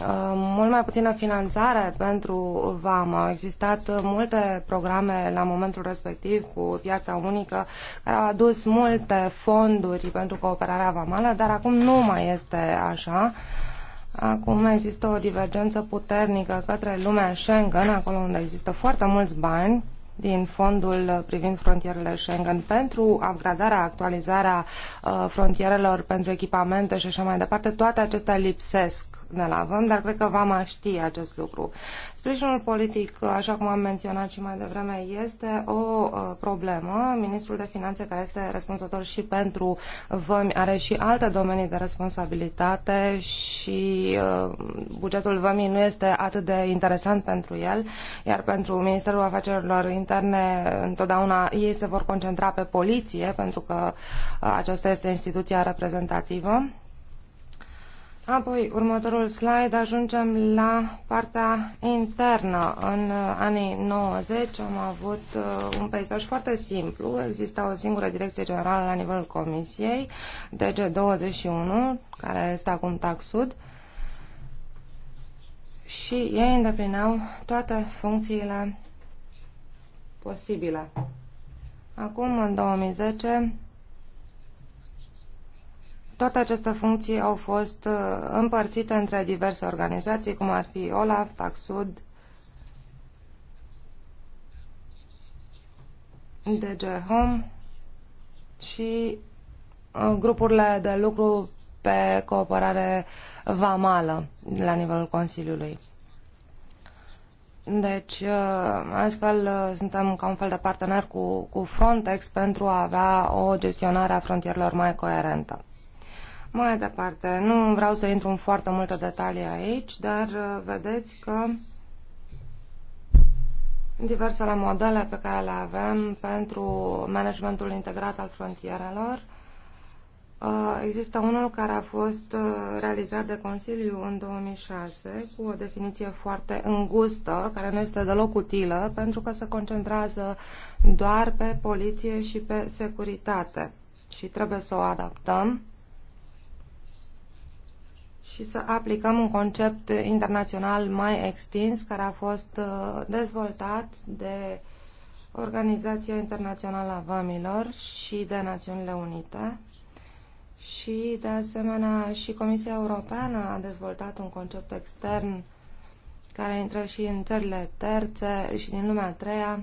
Uh, mult mai puțină finanțare pentru VAM. Au existat multe programe la momentul respectiv cu piața unică care au adus multe fonduri pentru cooperarea vamală, dar acum nu mai este așa. Acum există o divergență puternică către lumea Schengen, acolo unde există foarte mulți bani din fondul privind frontierele Schengen pentru upgradarea, actualizarea uh, frontierelor pentru echipamente și așa mai departe, toate acestea lipsesc de la VAM, dar cred că VAMA știe acest lucru. Sprijinul politic, așa cum am menționat și mai devreme, este o uh, problemă. Ministrul de Finanțe, care este răspunzător și pentru vămi, are și alte domenii de responsabilitate și uh, bugetul vămii nu este atât de interesant pentru el, iar pentru Ministerul Afacerilor interne interne, întotdeauna ei se vor concentra pe poliție, pentru că uh, aceasta este instituția reprezentativă. Apoi, următorul slide, ajungem la partea internă. În uh, anii 90 am avut uh, un peisaj foarte simplu. Exista o singură direcție generală la nivelul comisiei, DG21, care este acum TAXUD, și ei îndeplineau toate funcțiile posibile. Acum, în 2010, toate aceste funcții au fost uh, împărțite între diverse organizații, cum ar fi OLAF, TAXUD, DG Home și uh, grupurile de lucru pe cooperare vamală la nivelul Consiliului. Deci, uh, astfel uh, suntem ca un fel de partener cu, cu Frontex pentru a avea o gestionare a frontierelor mai coerentă. Mai departe, nu vreau să intru în foarte multe detalii aici, dar uh, vedeți că diversele modele pe care le avem pentru managementul integrat al frontierelor Există unul care a fost uh, realizat de Consiliu în 2006 cu o definiție foarte îngustă, care nu este deloc utilă, pentru că se concentrează doar pe poliție și pe securitate și trebuie să o adaptăm și să aplicăm un concept internațional mai extins care a fost uh, dezvoltat de Organizația Internațională a Vămilor și de Națiunile Unite și, de asemenea, și Comisia Europeană a dezvoltat un concept extern care intră și în țările terțe și din lumea a treia,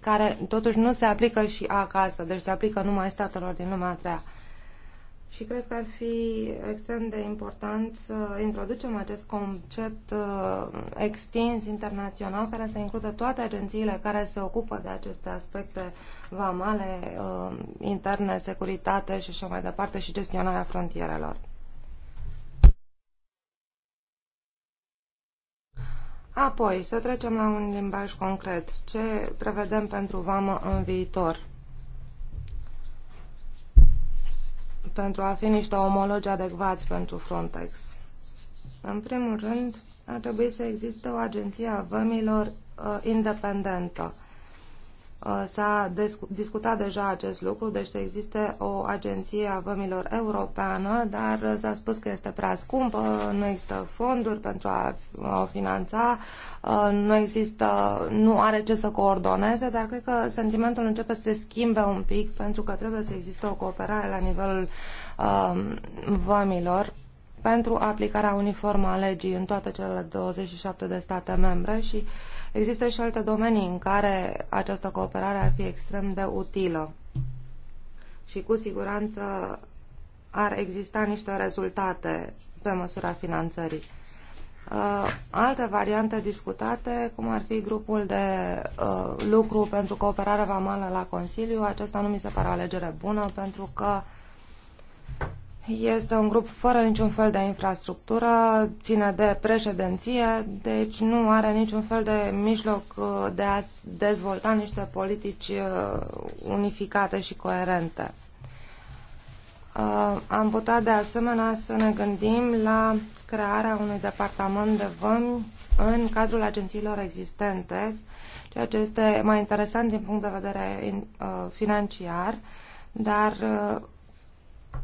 care totuși nu se aplică și acasă, deci se aplică numai statelor din lumea a treia. Și cred că ar fi extrem de important să introducem acest concept uh, extins internațional care să includă toate agențiile care se ocupă de aceste aspecte vamale, uh, interne, securitate și așa mai departe și gestionarea frontierelor. Apoi, să trecem la un limbaj concret. Ce prevedem pentru vamă în viitor? Pentru a fi niște omologi adecvați pentru Frontex. În primul rând, ar trebui să existe o agenție a vămilor uh, independentă Uh, s-a discutat deja acest lucru, deci să existe o agenție a vămilor europeană, dar s-a spus că este prea scumpă, nu există fonduri pentru a o finanța, uh, nu există, nu are ce să coordoneze, dar cred că sentimentul începe să se schimbe un pic pentru că trebuie să existe o cooperare la nivelul um, vămilor pentru aplicarea uniformă a legii în toate cele 27 de state membre și există și alte domenii în care această cooperare ar fi extrem de utilă. Și cu siguranță ar exista niște rezultate pe măsura finanțării. Uh, alte variante discutate, cum ar fi grupul de uh, lucru pentru cooperare vamală la Consiliu, acesta nu mi se pare o alegere bună pentru că este un grup fără niciun fel de infrastructură, ține de președinție, deci nu are niciun fel de mijloc uh, de a dezvolta niște politici uh, unificate și coerente. Uh, am putut, de asemenea să ne gândim la crearea unui departament de vămi în cadrul agențiilor existente, ceea ce este mai interesant din punct de vedere financiar, dar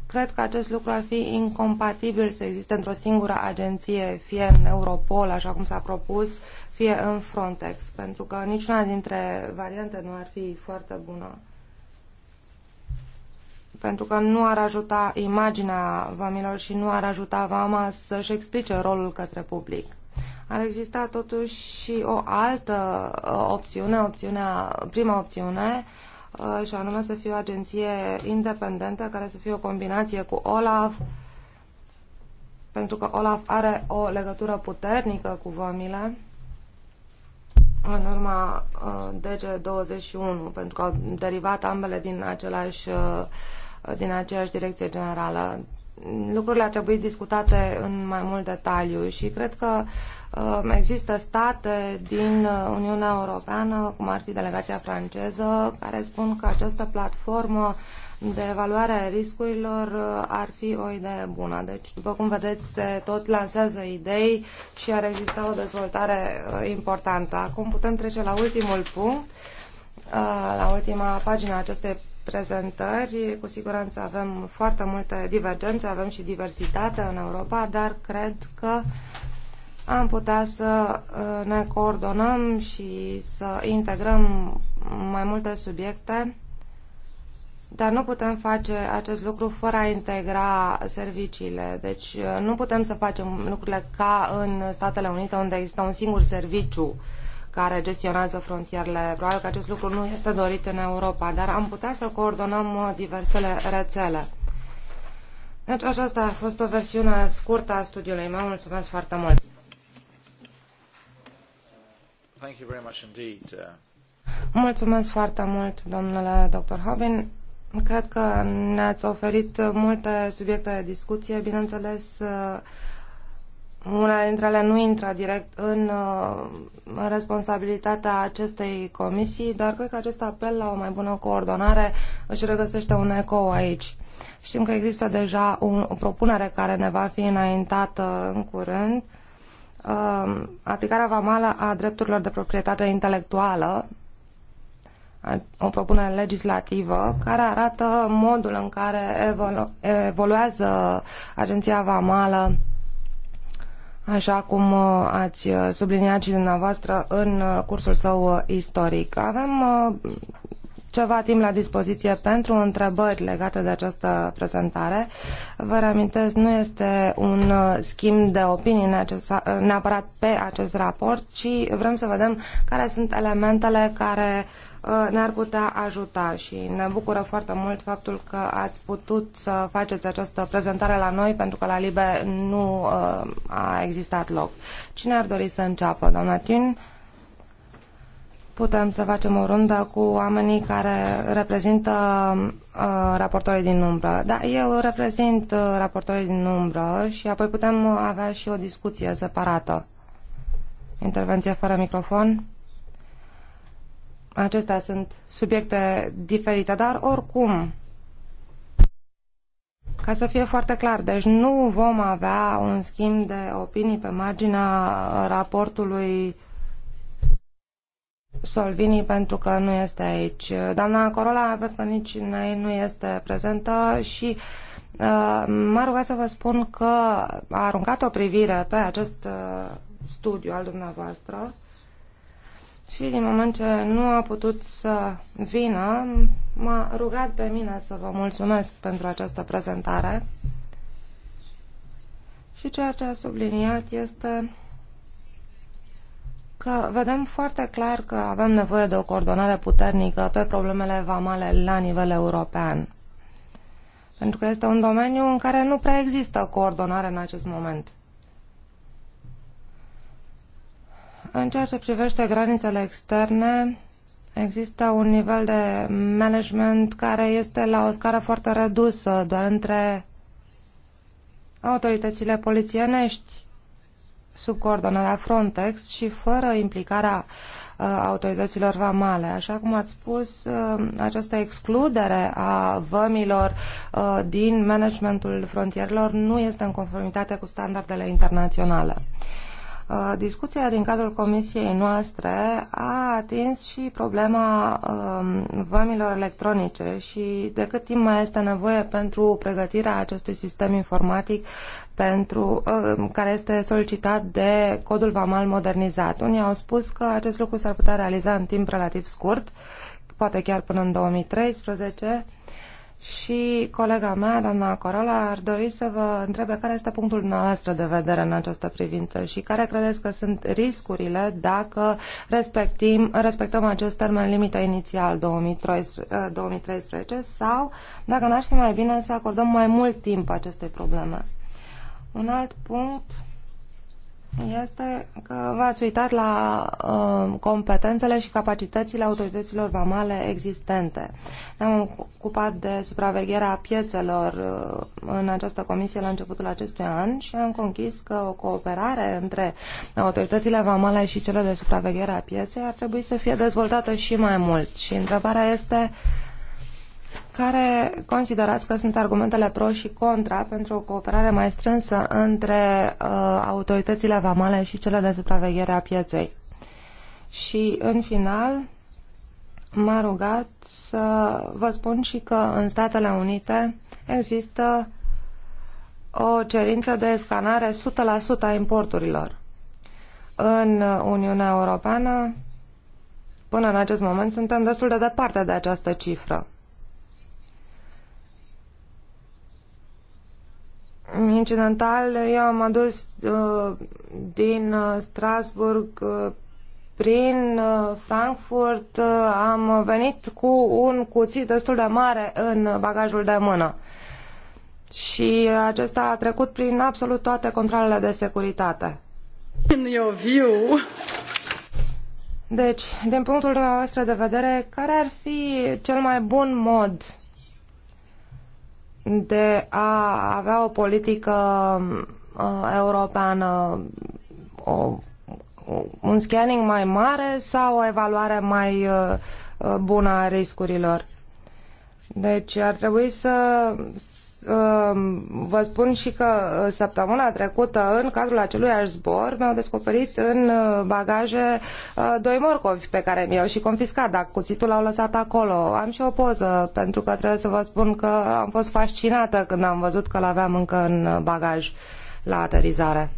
Cred că acest lucru ar fi incompatibil să existe într-o singură agenție, fie în Europol, așa cum s-a propus, fie în Frontex, pentru că niciuna dintre variante nu ar fi foarte bună. Pentru că nu ar ajuta imaginea vamilor și nu ar ajuta vama să-și explice rolul către public. Ar exista totuși și o altă uh, opțiune, opțiunea, prima opțiune, Uh, și anume să fie o agenție independentă care să fie o combinație cu OLAF, pentru că OLAF are o legătură puternică cu vămile în urma uh, DG21, pentru că au derivat ambele din același uh, din aceeași direcție generală lucrurile ar trebui discutate în mai mult detaliu și cred că um, există state din uh, Uniunea Europeană, cum ar fi delegația franceză, care spun că această platformă de evaluare a riscurilor uh, ar fi o idee bună. Deci, după cum vedeți, se tot lansează idei și ar exista o dezvoltare uh, importantă. Acum putem trece la ultimul punct, la ultima pagină a acestei prezentări. Cu siguranță avem foarte multe divergențe, avem și diversitate în Europa, dar cred că am putea să uh, ne coordonăm și să integrăm mai multe subiecte, dar nu putem face acest lucru fără a integra serviciile. Deci uh, nu putem să facem lucrurile ca în Statele Unite, unde există un singur serviciu uh, care gestionează frontierele. Probabil că acest lucru nu este dorit în Europa, dar am putea să coordonăm uh, diversele rețele. Deci aceasta a fost o versiune scurtă a studiului meu. Mulțumesc foarte mult! Thank you very much indeed. Uh. Mulțumesc foarte mult, domnule dr. Hobin. Cred că ne-ați oferit multe subiecte de discuție. Bineînțeles, uh, una dintre ele nu intră direct uh, în responsabilitatea acestei comisii, dar cred că acest apel la o mai bună coordonare își regăsește un eco aici. Știm că există deja un, o propunere care ne va fi înaintată în curând, uh, aplicarea vamală a drepturilor de proprietate intelectuală, o propunere legislativă care arată modul în care evolu- evoluează Agenția Vamală așa cum uh, ați uh, subliniat și dumneavoastră în uh, cursul său istoric. Avem ceva timp la dispoziție pentru întrebări legate de această prezentare. Vă reamintesc, nu este un schimb de opinii neapărat pe acest raport, ci vrem să vedem care sunt elementele care Uh, ne-ar putea ajuta și ne bucură foarte mult faptul că ați putut să faceți această prezentare la noi pentru că la Libe nu uh, a existat loc. Cine ar dori să înceapă, doamna Tin? Putem să facem o rundă cu oamenii care reprezintă uh, raportorii din umbră. Da, eu reprezint uh, raportorii din umbră și apoi putem avea și o discuție separată. Intervenție fără microfon. Acestea sunt subiecte diferite, dar oricum, ca să fie foarte clar, deci nu vom avea un schimb de opinii pe marginea raportului Solvini pentru că nu este aici. Doamna Corola, văd că nici nu este prezentă și uh, m-a rugat să vă spun că a aruncat o privire pe acest uh, studiu al dumneavoastră și din moment ce nu a putut să vină, m-a rugat pe mine să vă mulțumesc pentru această prezentare. Și ceea ce a subliniat este că vedem foarte clar că avem nevoie de o coordonare puternică pe problemele vamale la nivel european. Pentru că este un domeniu în care nu prea există coordonare în acest moment. În ceea ce privește granițele externe, există un nivel de management care este la o scară foarte redusă, doar între autoritățile polițienești sub coordonarea Frontex și fără implicarea uh, autorităților vamale. Așa cum ați spus, uh, această excludere a vămilor uh, din managementul frontierelor nu este în conformitate cu standardele internaționale. Uh, discuția din cadrul comisiei noastre a atins și problema um, vămilor electronice și de cât timp mai este nevoie pentru pregătirea acestui sistem informatic pentru, uh, care este solicitat de codul vamal modernizat. Unii au spus că acest lucru s-ar putea realiza în timp relativ scurt, poate chiar până în 2013, și colega mea, doamna Corola, ar dori să vă întrebe care este punctul noastră de vedere în această privință și care credeți că sunt riscurile dacă respectim, respectăm acest termen limită inițial 2013, 2013 sau dacă n-ar fi mai bine să acordăm mai mult timp acestei probleme. Un alt punct este că v-ați uitat la uh, competențele și capacitățile autorităților vamale existente. Ne-am ocupat de supravegherea piețelor uh, în această comisie la începutul acestui an și am conchis că o cooperare între autoritățile vamale și cele de supraveghere a pieței ar trebui să fie dezvoltată și mai mult. Și întrebarea este uh, care considerați că sunt argumentele pro și contra pentru o cooperare mai strânsă între uh, autoritățile vamale și cele de supraveghere a pieței? Și, în final, m-a rugat să vă spun și că în Statele Unite există o cerință de scanare 100% a importurilor. În Uniunea Europeană, până în acest moment, suntem destul de departe de această cifră. Incidental, eu am adus uh, din uh, Strasburg uh, prin uh, Frankfurt, uh, am venit cu un cuțit destul de mare în bagajul de mână. Și acesta a trecut prin absolut toate controlele de securitate. In your view. Deci, din punctul dumneavoastră de vedere, care ar fi cel mai bun mod de a avea o politică uh, europeană, o, un scanning mai mare sau o evaluare mai uh, uh bună a riscurilor. Deci ar trebui să Ehm, vă spun și că eh, săptămâna trecută, în cadrul acelui zbor, mi-au descoperit în eh, bagaje eh, doi morcovi pe care mi-au și confiscat, dar cuțitul l-au lăsat acolo. Am și o poză, pentru că trebuie să vă spun că am fost fascinată când am văzut că l-aveam încă în bagaj la aterizare.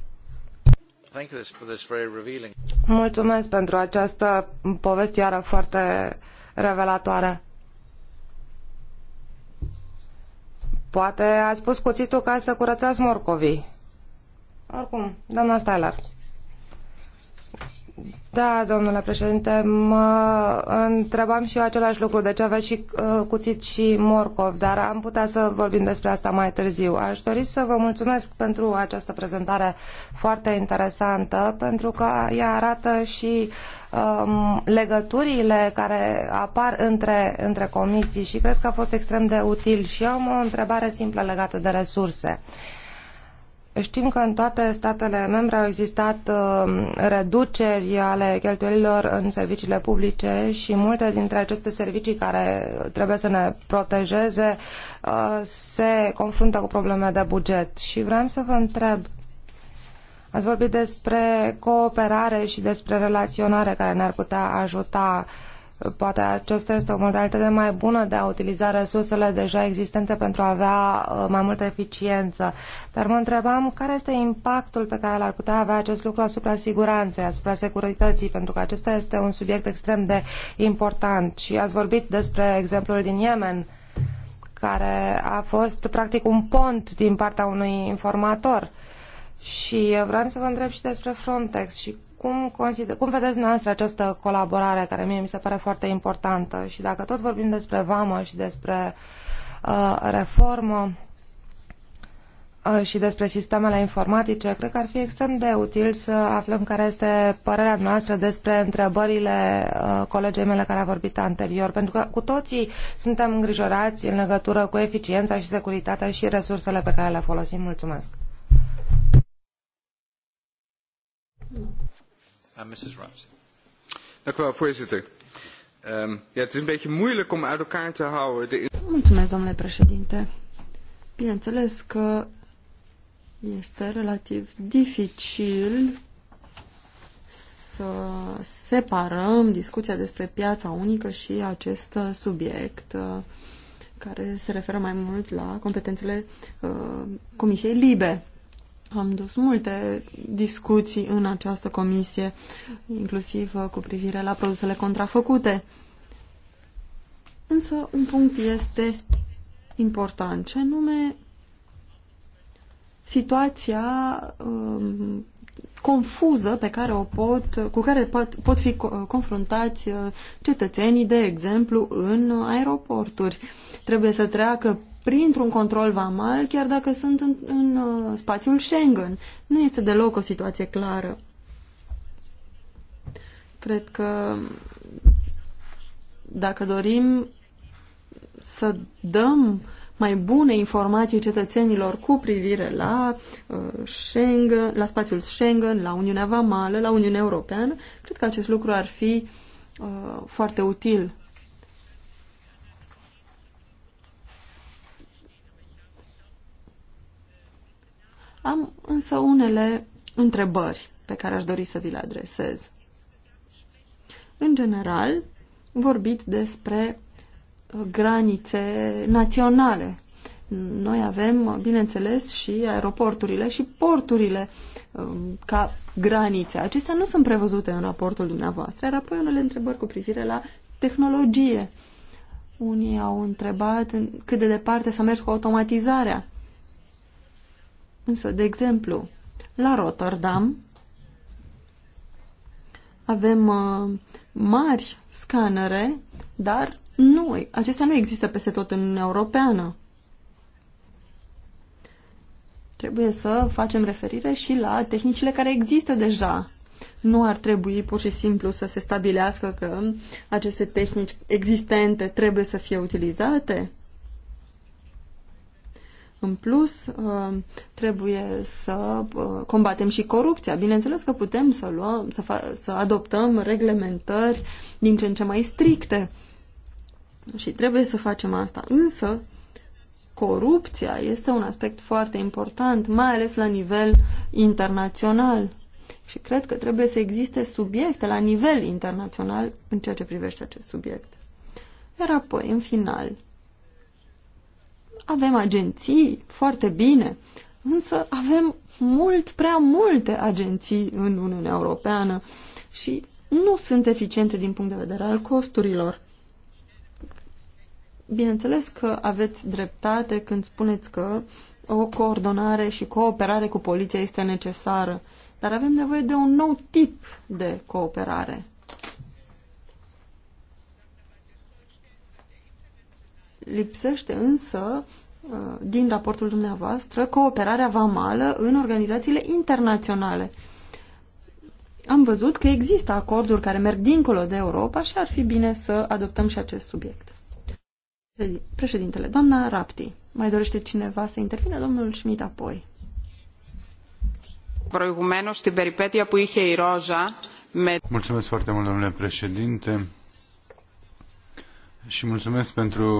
Mulțumesc pentru această povestioară foarte revelatoare. Poate ați pus cuțitul ca să curățați morcovii. Oricum, doamna Stalar. Da, domnule președinte, mă întrebam și eu același lucru, deci aveți și uh, cuțit și morcov, dar am putea să vorbim despre asta mai târziu. Aș dori să vă mulțumesc pentru această prezentare foarte interesantă, pentru că ea arată și um, legăturile care apar între, între comisii și cred că a fost extrem de util. Și eu am o întrebare simplă legată de resurse. Știm că în toate statele membre au existat uh, reduceri ale cheltuielilor în serviciile publice și multe dintre aceste servicii care trebuie să ne protejeze uh, se confruntă cu probleme de buget. Și vreau să vă întreb Ați vorbit despre cooperare și despre relaționare care ne-ar putea ajuta. Poate aceasta este o modalitate mai bună de a utiliza resursele deja existente pentru a avea uh, mai multă eficiență. Dar mă întrebam care este impactul pe care l-ar putea avea acest lucru asupra siguranței, asupra securității, pentru că acesta este un subiect extrem de important. Și ați vorbit despre exemplul din Yemen care a fost practic un pont din partea unui informator și vreau să vă întreb și despre Frontex și cum, consider, cum vedeți dumneavoastră această colaborare care mie mi se pare foarte importantă și dacă tot vorbim despre vamă și despre uh, reformă uh, și despre sistemele informatice, cred că ar fi extrem de util să aflăm care este părerea noastră despre întrebările uh, colegei mele care a vorbit anterior, pentru că cu toții suntem îngrijorați în legătură cu eficiența și securitatea și resursele pe care le folosim. Mulțumesc! Uh, Mrs. Dank u wel, voorzitter. Um, ja, het is een beetje moeilijk om uit elkaar te houden. De... Mulțumesc, domnule președinte. Bineînțeles că este relativ dificil să separăm discuția despre piața unică și acest subiect uh, care se referă mai mult la competențele uh, Comisiei Libe. Am dus multe discuții în această comisie, inclusiv uh, cu privire la produsele contrafăcute. Însă un punct este important, ce nume situația um, confuză pe care o pot, cu care pot, pot fi confruntați uh, cetățenii, de exemplu, în aeroporturi. Trebuie să treacă printr-un control vamal, chiar dacă sunt în, în uh, spațiul Schengen. Nu este deloc o situație clară. Cred că dacă dorim să dăm mai bune informații cetățenilor cu privire la uh, Schengen, la spațiul Schengen, la Uniunea Vamală, la Uniunea Europeană, cred că acest lucru ar fi uh, foarte util Am însă unele întrebări pe care aș dori să vi le adresez. În general, vorbiți despre uh, granițe naționale. Noi avem, uh, bineînțeles, și aeroporturile și porturile uh, ca granițe. Acestea nu sunt prevăzute în raportul dumneavoastră. Iar apoi unele întrebări cu privire la tehnologie. Unii au întrebat cât de departe s-a mers cu automatizarea. Însă, de exemplu, la Rotterdam avem uh, mari scanere, dar nu, acestea nu există peste tot în Uniunea Europeană. Trebuie să facem referire și la tehnicile care există deja. Nu ar trebui pur și simplu să se stabilească că aceste tehnici existente trebuie să fie utilizate, în plus, uh, trebuie să uh, combatem și corupția. Bineînțeles că putem să, luăm, să, să adoptăm reglementări din ce în ce mai stricte și trebuie să facem asta. Însă, corupția este un aspect foarte important, mai ales la nivel internațional. Și cred că trebuie să existe subiecte la nivel internațional în ceea ce privește acest subiect. Iar apoi, în final, avem agenții, foarte bine, însă avem mult prea multe agenții în Uniunea Europeană și nu sunt eficiente din punct de vedere al costurilor. Bineînțeles că aveți dreptate când spuneți că o coordonare și cooperare cu poliția este necesară, dar avem nevoie de un nou tip de cooperare. Lipsește însă uh, din raportul dumneavoastră cooperarea vamală în organizațiile internaționale. Am văzut că există acorduri care merg dincolo de Europa și ar fi bine să adoptăm și acest subiect. Președintele, doamna Rapti, mai dorește cineva să intervine? Domnul Schmidt apoi. Mulțumesc foarte mult, domnule președinte și mulțumesc pentru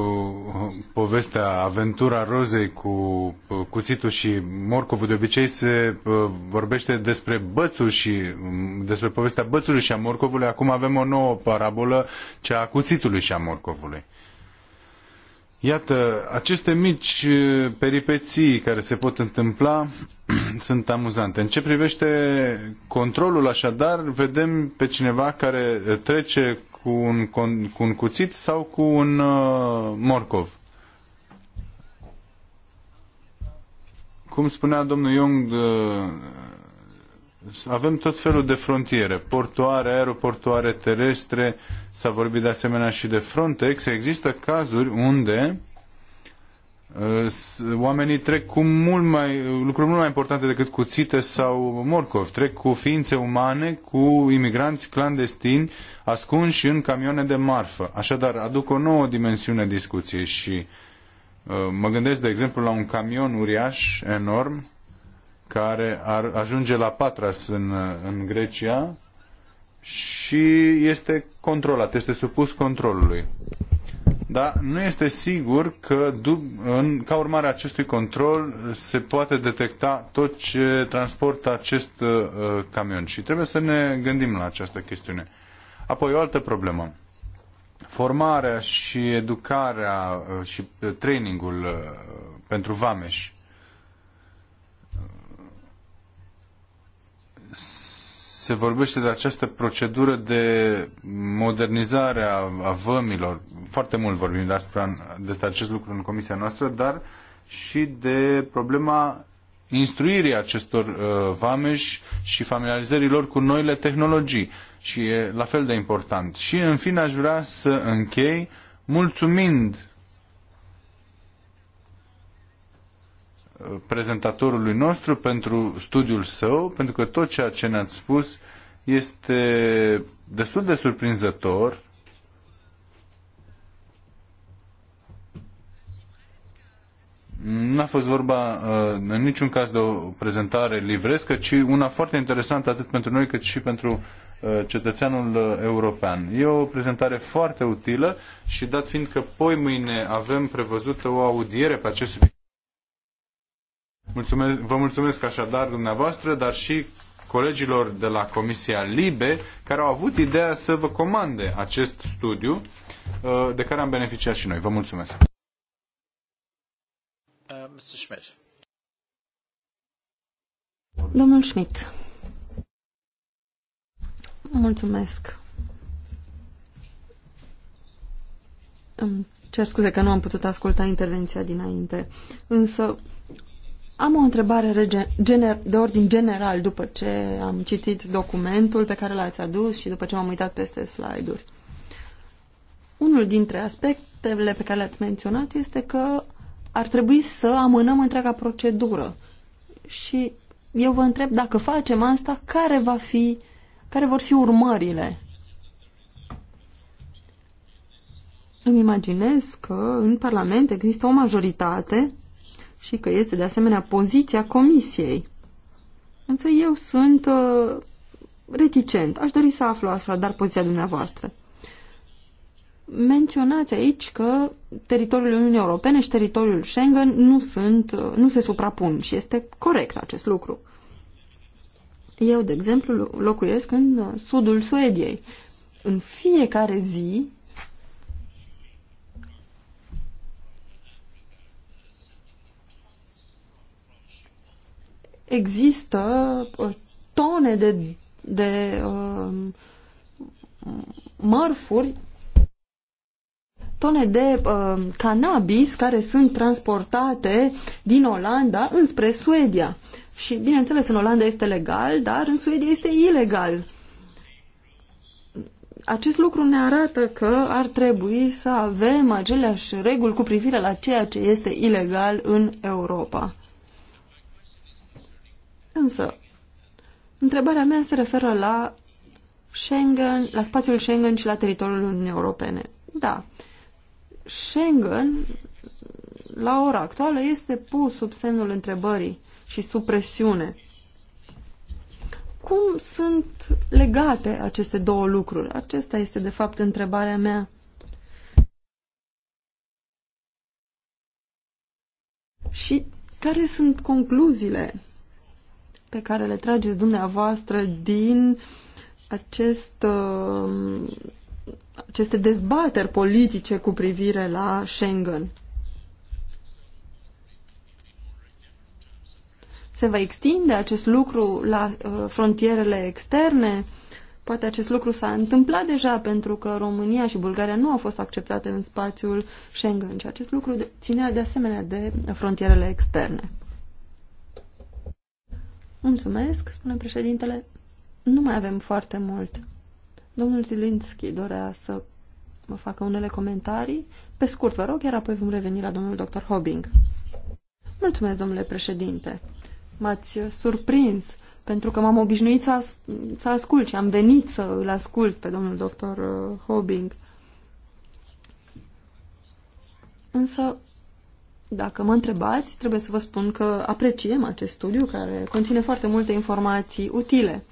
uh, povestea, aventura rozei cu uh, cuțitul și morcovul. De obicei se uh, vorbește despre bățul și um, despre povestea bățului și a morcovului. Acum avem o nouă parabolă, cea a cuțitului și a morcovului. Iată, aceste mici peripeții care se pot întâmpla sunt amuzante. În ce privește controlul, așadar, vedem pe cineva care trece cu un, cu un cuțit sau cu un uh, morcov. Cum spunea domnul Young, uh, avem tot felul de frontiere, portoare, aeroportoare, terestre, s-a vorbit de asemenea și de Frontex. Există cazuri unde Uh, oamenii trec cu mult mai, lucruri mult mai importante decât cuțite sau morcovi. Trec cu ființe umane, cu imigranți clandestini, ascunși în camioane de marfă. Așadar, aduc o nouă dimensiune discuției și uh, mă gândesc, de exemplu, la un camion uriaș, enorm, care ar ajunge la Patras în, uh, în Grecia și este controlat, este supus controlului. Da, nu este sigur că în, ca urmare a acestui control se poate detecta tot ce transportă acest uh, camion și trebuie să ne gândim la această chestiune. Apoi o altă problemă. Formarea și educarea uh, și uh, trainingul uh, pentru vameși se vorbește de această procedură de modernizare a, a vămilor. Foarte mult vorbim despre, despre acest lucru în comisia noastră, dar și de problema instruirii acestor uh, vameși și familiarizării lor cu noile tehnologii. Și e la fel de important. Și în fine aș vrea să închei mulțumind prezentatorului nostru pentru studiul său, pentru că tot ceea ce ne-ați spus este destul de surprinzător. Nu a fost vorba uh, în niciun caz de o prezentare livrescă, ci una foarte interesantă atât pentru noi cât și pentru uh, cetățeanul uh, european. E o prezentare foarte utilă și dat fiind că poi mâine avem prevăzută o audiere pe acest subiect. Mulțumesc, vă mulțumesc așadar dumneavoastră, dar și colegilor de la Comisia Libe, care au avut ideea să vă comande acest studiu, uh, de care am beneficiat și noi. Vă mulțumesc. Uh, Mr. Schmidt. Domnul Schmidt. Mulțumesc. Îmi cer scuze că nu am putut asculta intervenția dinainte, însă am o întrebare de ordin general după ce am citit documentul pe care l-ați adus și după ce m-am uitat peste slide-uri. Unul dintre aspectele pe care le-ați menționat este că ar trebui să amânăm întreaga procedură. Și eu vă întreb dacă facem asta, care, va fi, care vor fi urmările? Îmi imaginez că în Parlament există o majoritate și că este de asemenea poziția comisiei. Însă eu sunt uh, reticent. Aș dori să aflu dar poziția dumneavoastră. Menționați aici că teritoriul Uniunii Europene și teritoriul Schengen nu, sunt, uh, nu se suprapun și este corect acest lucru. Eu, de exemplu, locuiesc în uh, sudul Suediei. În fiecare zi există uh, tone de, de uh, mărfuri, tone de uh, cannabis care sunt transportate din Olanda înspre Suedia. Și, bineînțeles, în Olanda este legal, dar în Suedia este ilegal. Acest lucru ne arată că ar trebui să avem aceleași reguli cu privire la ceea ce este ilegal în Europa. Însă, întrebarea mea se referă la Schengen, la spațiul Schengen și la teritoriul Uniunii Europene. Da, Schengen la ora actuală este pus sub semnul întrebării și sub presiune. Cum sunt legate aceste două lucruri? Acesta este, de fapt, întrebarea mea. Și care sunt concluziile pe care le trageți dumneavoastră din acest, um, aceste dezbateri politice cu privire la Schengen? Se va extinde acest lucru la uh, frontierele externe? Poate acest lucru s-a întâmplat deja pentru că România și Bulgaria nu au fost acceptate în spațiul Schengen și acest lucru ținea de asemenea de frontierele externe. Mulțumesc, spune președintele. Nu mai avem foarte mult. Domnul Zilinski dorea să mă facă unele comentarii. Pe scurt, vă rog, iar apoi vom reveni la domnul dr. Hobbing. Mulțumesc, domnule președinte. M-ați surprins pentru că m-am obișnuit să, as să ascult și am venit să îl ascult pe domnul dr. Uh, Hobbing. Însă dacă mă întrebați, trebuie să vă spun că apreciem acest studiu care conține foarte multe informații utile.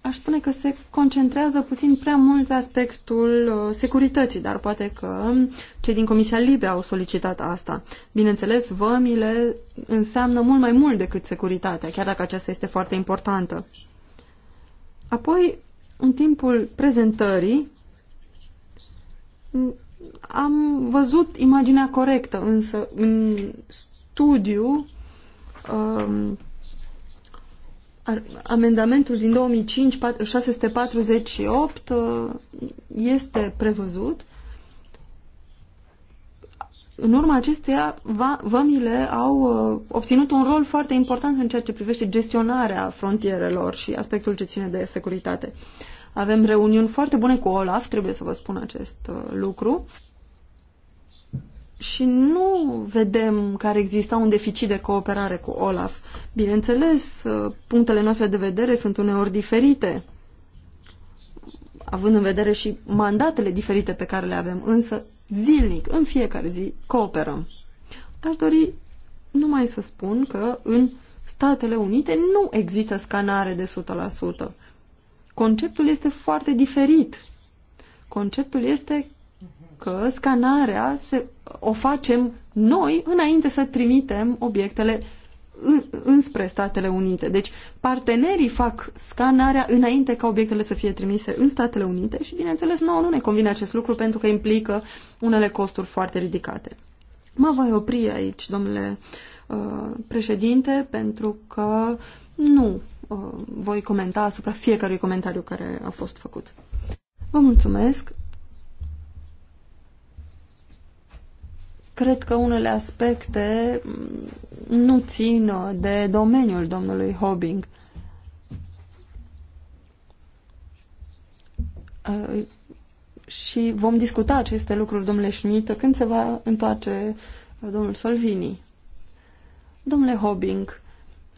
Aș spune că se concentrează puțin prea mult pe aspectul uh, securității, dar poate că cei din Comisia Libe au solicitat asta. Bineînțeles, vămile înseamnă mult mai mult decât securitatea, chiar dacă aceasta este foarte importantă. Apoi, în timpul prezentării, am văzut imaginea corectă, însă în studiu um, amendamentul din 2005 648 uh, este prevăzut în urma acestuia, vămile au uh, obținut un rol foarte important în ceea ce privește gestionarea frontierelor și aspectul ce ține de securitate. Avem reuniuni foarte bune cu Olaf, trebuie să vă spun acest uh, lucru. Și nu vedem că ar exista un deficit de cooperare cu Olaf. Bineînțeles, uh, punctele noastre de vedere sunt uneori diferite, având în vedere și mandatele diferite pe care le avem, însă zilnic, în fiecare zi, cooperăm. Aș dori numai să spun că în Statele Unite nu există scanare de Conceptul este foarte diferit. Conceptul este că scanarea se, o facem noi înainte să trimitem obiectele înspre Statele Unite. Deci partenerii fac scanarea înainte ca obiectele să fie trimise în Statele Unite și, bineînțeles, nouă nu ne convine acest lucru pentru că implică unele costuri foarte ridicate. Mă voi opri aici, domnule uh, președinte, pentru că nu Uh, voi comenta asupra fiecărui comentariu care a fost făcut. Vă mulțumesc! Cred că unele aspecte mm, nu țin uh, de domeniul domnului Hobbing. Uh, și vom discuta aceste lucruri, domnule Schmidt, când se va întoarce domnul Solvini. Domnule Hobbing,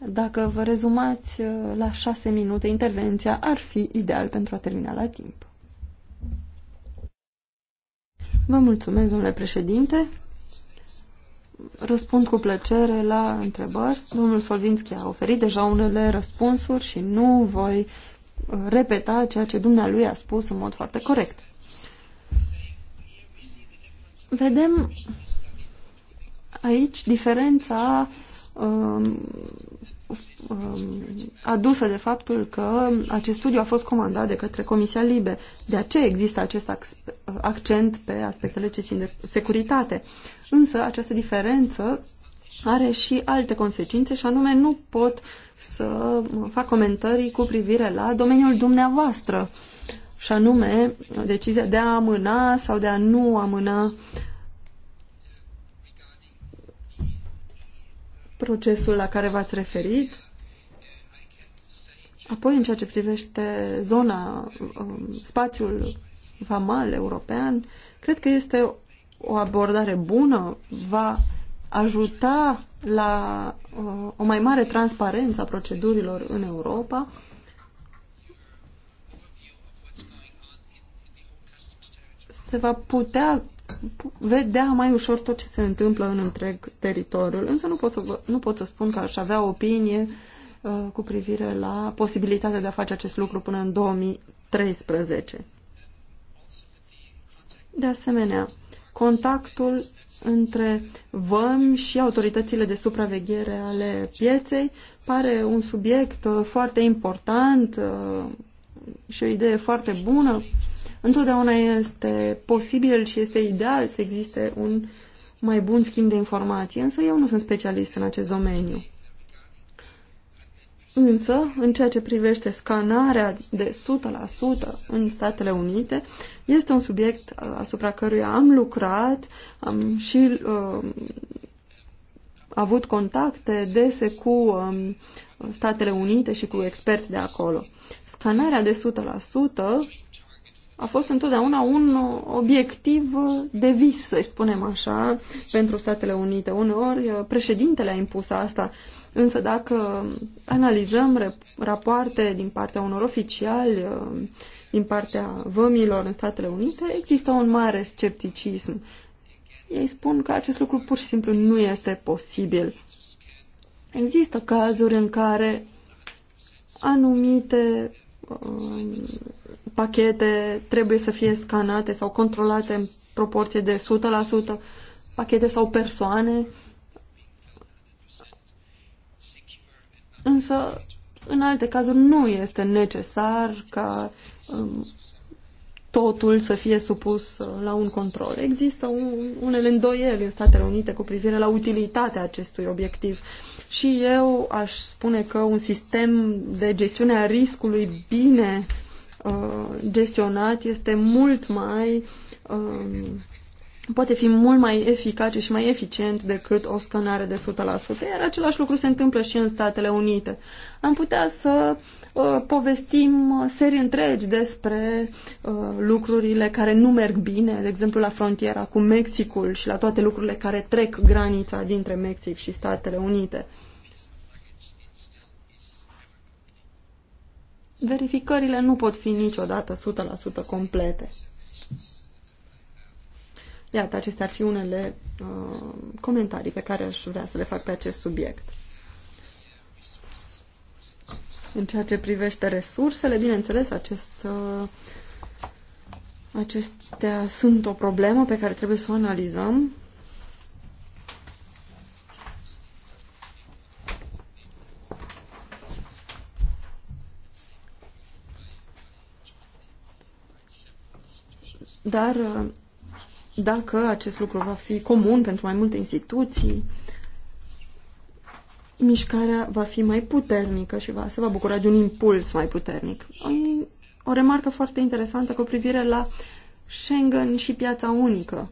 dacă vă rezumați uh, la șase minute intervenția, ar fi ideal pentru a termina la timp. Vă mulțumesc, domnule președinte. Răspund cu plăcere la întrebări. Domnul Solvinski a oferit deja unele răspunsuri și nu voi uh, repeta ceea ce dumnealui a spus în mod foarte corect. Vedem aici diferența uh, Um, adusă de faptul că acest studiu a fost comandat de către Comisia Libe. De aceea există acest accent pe aspectele ce țin de securitate. Însă această diferență are și alte consecințe și anume nu pot să fac comentarii cu privire la domeniul dumneavoastră și anume decizia de a amâna sau de a nu amâna procesul la care v-ați referit. Apoi, în ceea ce privește zona, um, spațiul vamal european, cred că este o abordare bună, va ajuta la uh, o mai mare transparență a procedurilor în Europa, se va putea vedea mai ușor tot ce se întâmplă în întreg teritoriul. Însă nu pot să, vă, nu pot să spun că aș avea opinie uh, cu privire la posibilitatea de a face acest lucru până în 2013. De asemenea, contactul între văm și autoritățile de supraveghere ale pieței pare un subiect uh, foarte important uh, și o idee foarte bună Întotdeauna este posibil și este ideal să existe un mai bun schimb de informații, însă eu nu sunt specialist în acest domeniu. Însă, în ceea ce privește scanarea de 100% în Statele Unite, este un subiect uh, asupra căruia am lucrat, am și uh, avut contacte dese cu uh, Statele Unite și cu experți de acolo. Scanarea de a fost întotdeauna un obiectiv de vis, să spunem așa, pentru Statele Unite. Uneori președintele a impus asta, însă dacă analizăm rapoarte din partea unor oficiali, din partea vămilor în Statele Unite, există un mare scepticism. Ei spun că acest lucru pur și simplu nu este posibil. Există cazuri în care anumite um, pachete trebuie să fie scanate sau controlate în proporție de 100%, pachete sau persoane. Însă, în alte cazuri, nu este necesar ca um, totul să fie supus uh, la un control. Există un, unele îndoieli în Statele Unite cu privire la utilitatea acestui obiectiv. Și eu aș spune că un sistem de gestiune a riscului bine uh, Uh, gestionat este mult mai um, poate fi mult mai eficace și mai eficient decât o scanare de 100%, iar același lucru se întâmplă și în Statele Unite. Am putea să uh, povestim serii întregi despre uh, lucrurile care nu merg bine, de exemplu la frontiera cu Mexicul și la toate lucrurile care trec granița dintre Mexic și Statele Unite. Uh, verificările nu pot fi niciodată 100% complete. Iată, acestea ar fi unele uh, comentarii pe care aș vrea să le fac pe acest subiect. În ceea ce privește resursele, bineînțeles, acest, uh, acestea sunt o problemă pe care trebuie să o analizăm. Dar uh, dacă acest lucru va fi comun pentru mai multe instituții, mișcarea va fi mai puternică și va, se va bucura de un impuls mai puternic. O, o remarcă foarte interesantă cu privire la Schengen și piața unică.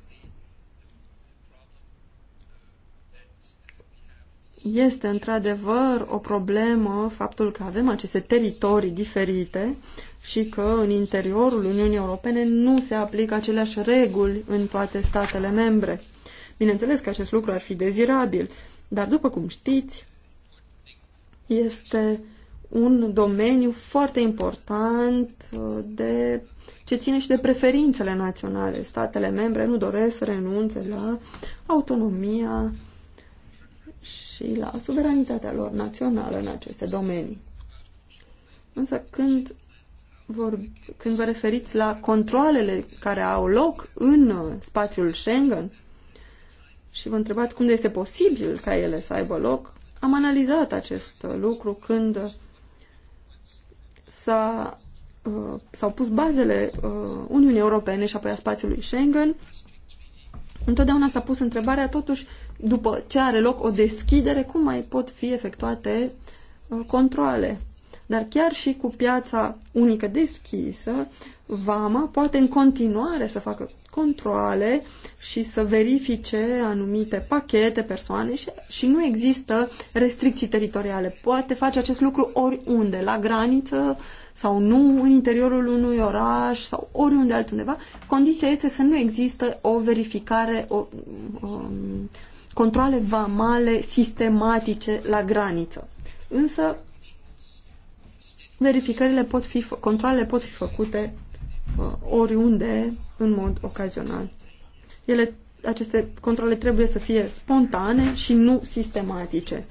Este într-adevăr o problemă faptul că avem aceste teritorii diferite și că în interiorul Uniunii Europene nu se aplică aceleași reguli în toate statele membre. Bineînțeles că acest lucru ar fi dezirabil, dar după cum știți, este un domeniu foarte important uh, de ce ține și de preferințele naționale. Statele membre nu doresc să renunțe la autonomia și la suveranitatea lor națională în aceste domenii. Însă când, vor, când vă referiți la controlele care au loc în uh, spațiul Schengen și vă întrebați cum este posibil ca ele să aibă loc, am analizat acest uh, lucru când uh, s-a s-au pus bazele Uniunii Europene și apoi a spațiului Schengen Întotdeauna s-a pus întrebarea, totuși, după ce are loc o deschidere, cum mai pot fi efectuate uh, controle. Dar chiar și cu piața unică deschisă, VAMA poate în continuare să facă controle și să verifice anumite pachete, persoane și, și nu există restricții teritoriale. Poate face acest lucru oriunde, la graniță, sau nu în interiorul unui oraș sau oriunde altundeva, condiția este să nu există o verificare, o, um, controle vamale sistematice la graniță. Însă verificările pot fi, controlele pot fi făcute uh, oriunde, în mod ocazional. Ele, aceste controle trebuie să fie spontane și nu sistematice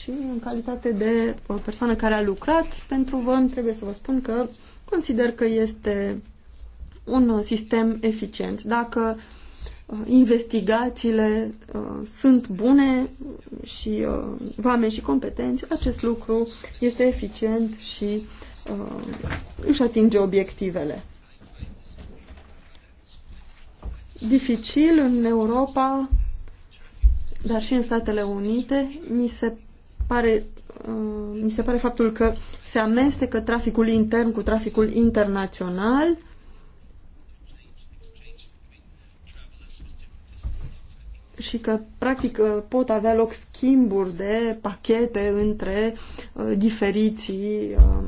și în calitate de o uh, persoană care a lucrat pentru VAM, trebuie să vă spun că consider că este un uh, sistem eficient. Dacă uh, investigațiile uh, sunt bune și uh, vame și competenți, acest lucru este eficient și uh, își atinge obiectivele. Dificil în Europa, dar și în Statele Unite, mi se pare, uh, mi se pare faptul că se amestecă traficul intern cu traficul internațional și că practic uh, pot avea loc schimburi de pachete între uh, diferiți um,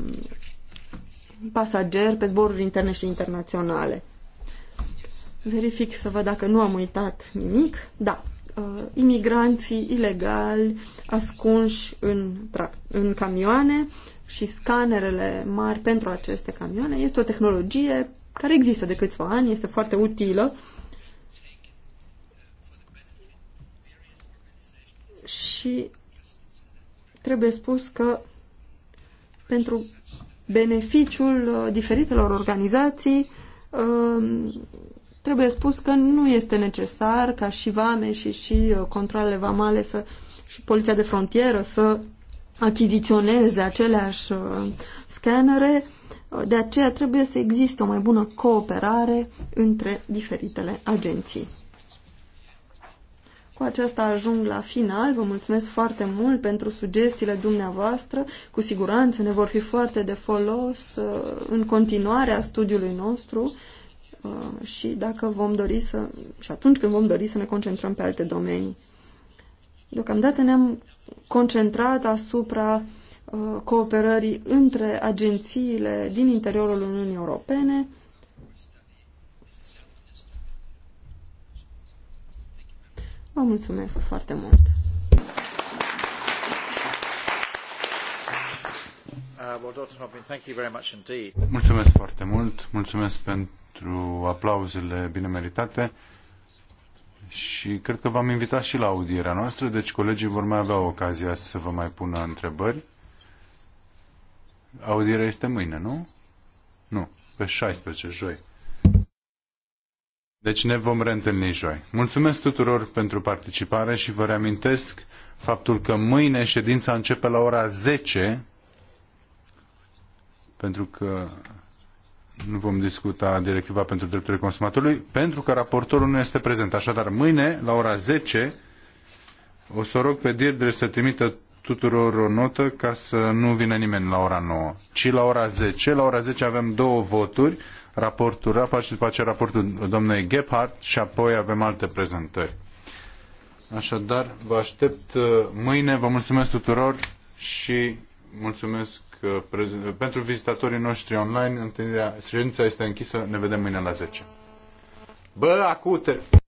pasageri pe zboruri interne și internaționale. Verific să văd dacă nu am uitat nimic. Da uh, imigranții ilegali ascunși în, în camioane și scanerele mari pentru aceste camioane. Este o tehnologie care există de câțiva ani, este foarte utilă și trebuie spus că pentru beneficiul uh, diferitelor organizații uh, Trebuie spus că nu este necesar ca și vame și și uh, controlele vamale să, și poliția de frontieră să achiziționeze aceleași uh, scanere, uh, de aceea trebuie să existe o mai bună cooperare între diferitele agenții. Cu aceasta ajung la final. Vă mulțumesc foarte mult pentru sugestiile dumneavoastră. Cu siguranță ne vor fi foarte de folos în continuarea studiului nostru Uh, și dacă vom dori să, și atunci când vom dori să ne concentrăm pe alte domenii. Deocamdată ne-am concentrat asupra uh, cooperării între agențiile din interiorul Uniunii Europene, Vă mulțumesc foarte mult! Uh, mulțumesc foarte mult, mulțumesc pentru pentru aplauzele binemeritate și cred că v-am invitat și la audierea noastră, deci colegii vor mai avea ocazia să vă mai pună întrebări. Audierea este mâine, nu? Nu, pe 16, joi. Deci ne vom reîntâlni joi. Mulțumesc tuturor pentru participare și vă reamintesc faptul că mâine ședința începe la ora 10, pentru că nu vom discuta directiva pentru drepturile consumatorului, pentru că raportorul nu este prezent. Așadar, mâine, la ora 10, o să rog pe Dirdre să trimită tuturor o notă ca să nu vină nimeni la ora 9, ci la ora 10. La ora 10 avem două voturi, raportul RAPA și după aceea raportul domnului Gebhardt și apoi avem alte prezentări. Așadar, vă aștept uh, mâine, vă mulțumesc tuturor și mulțumesc pentru vizitatorii noștri online, întâlnirea, ședința este închisă. Ne vedem mâine la 10. Bă, acute!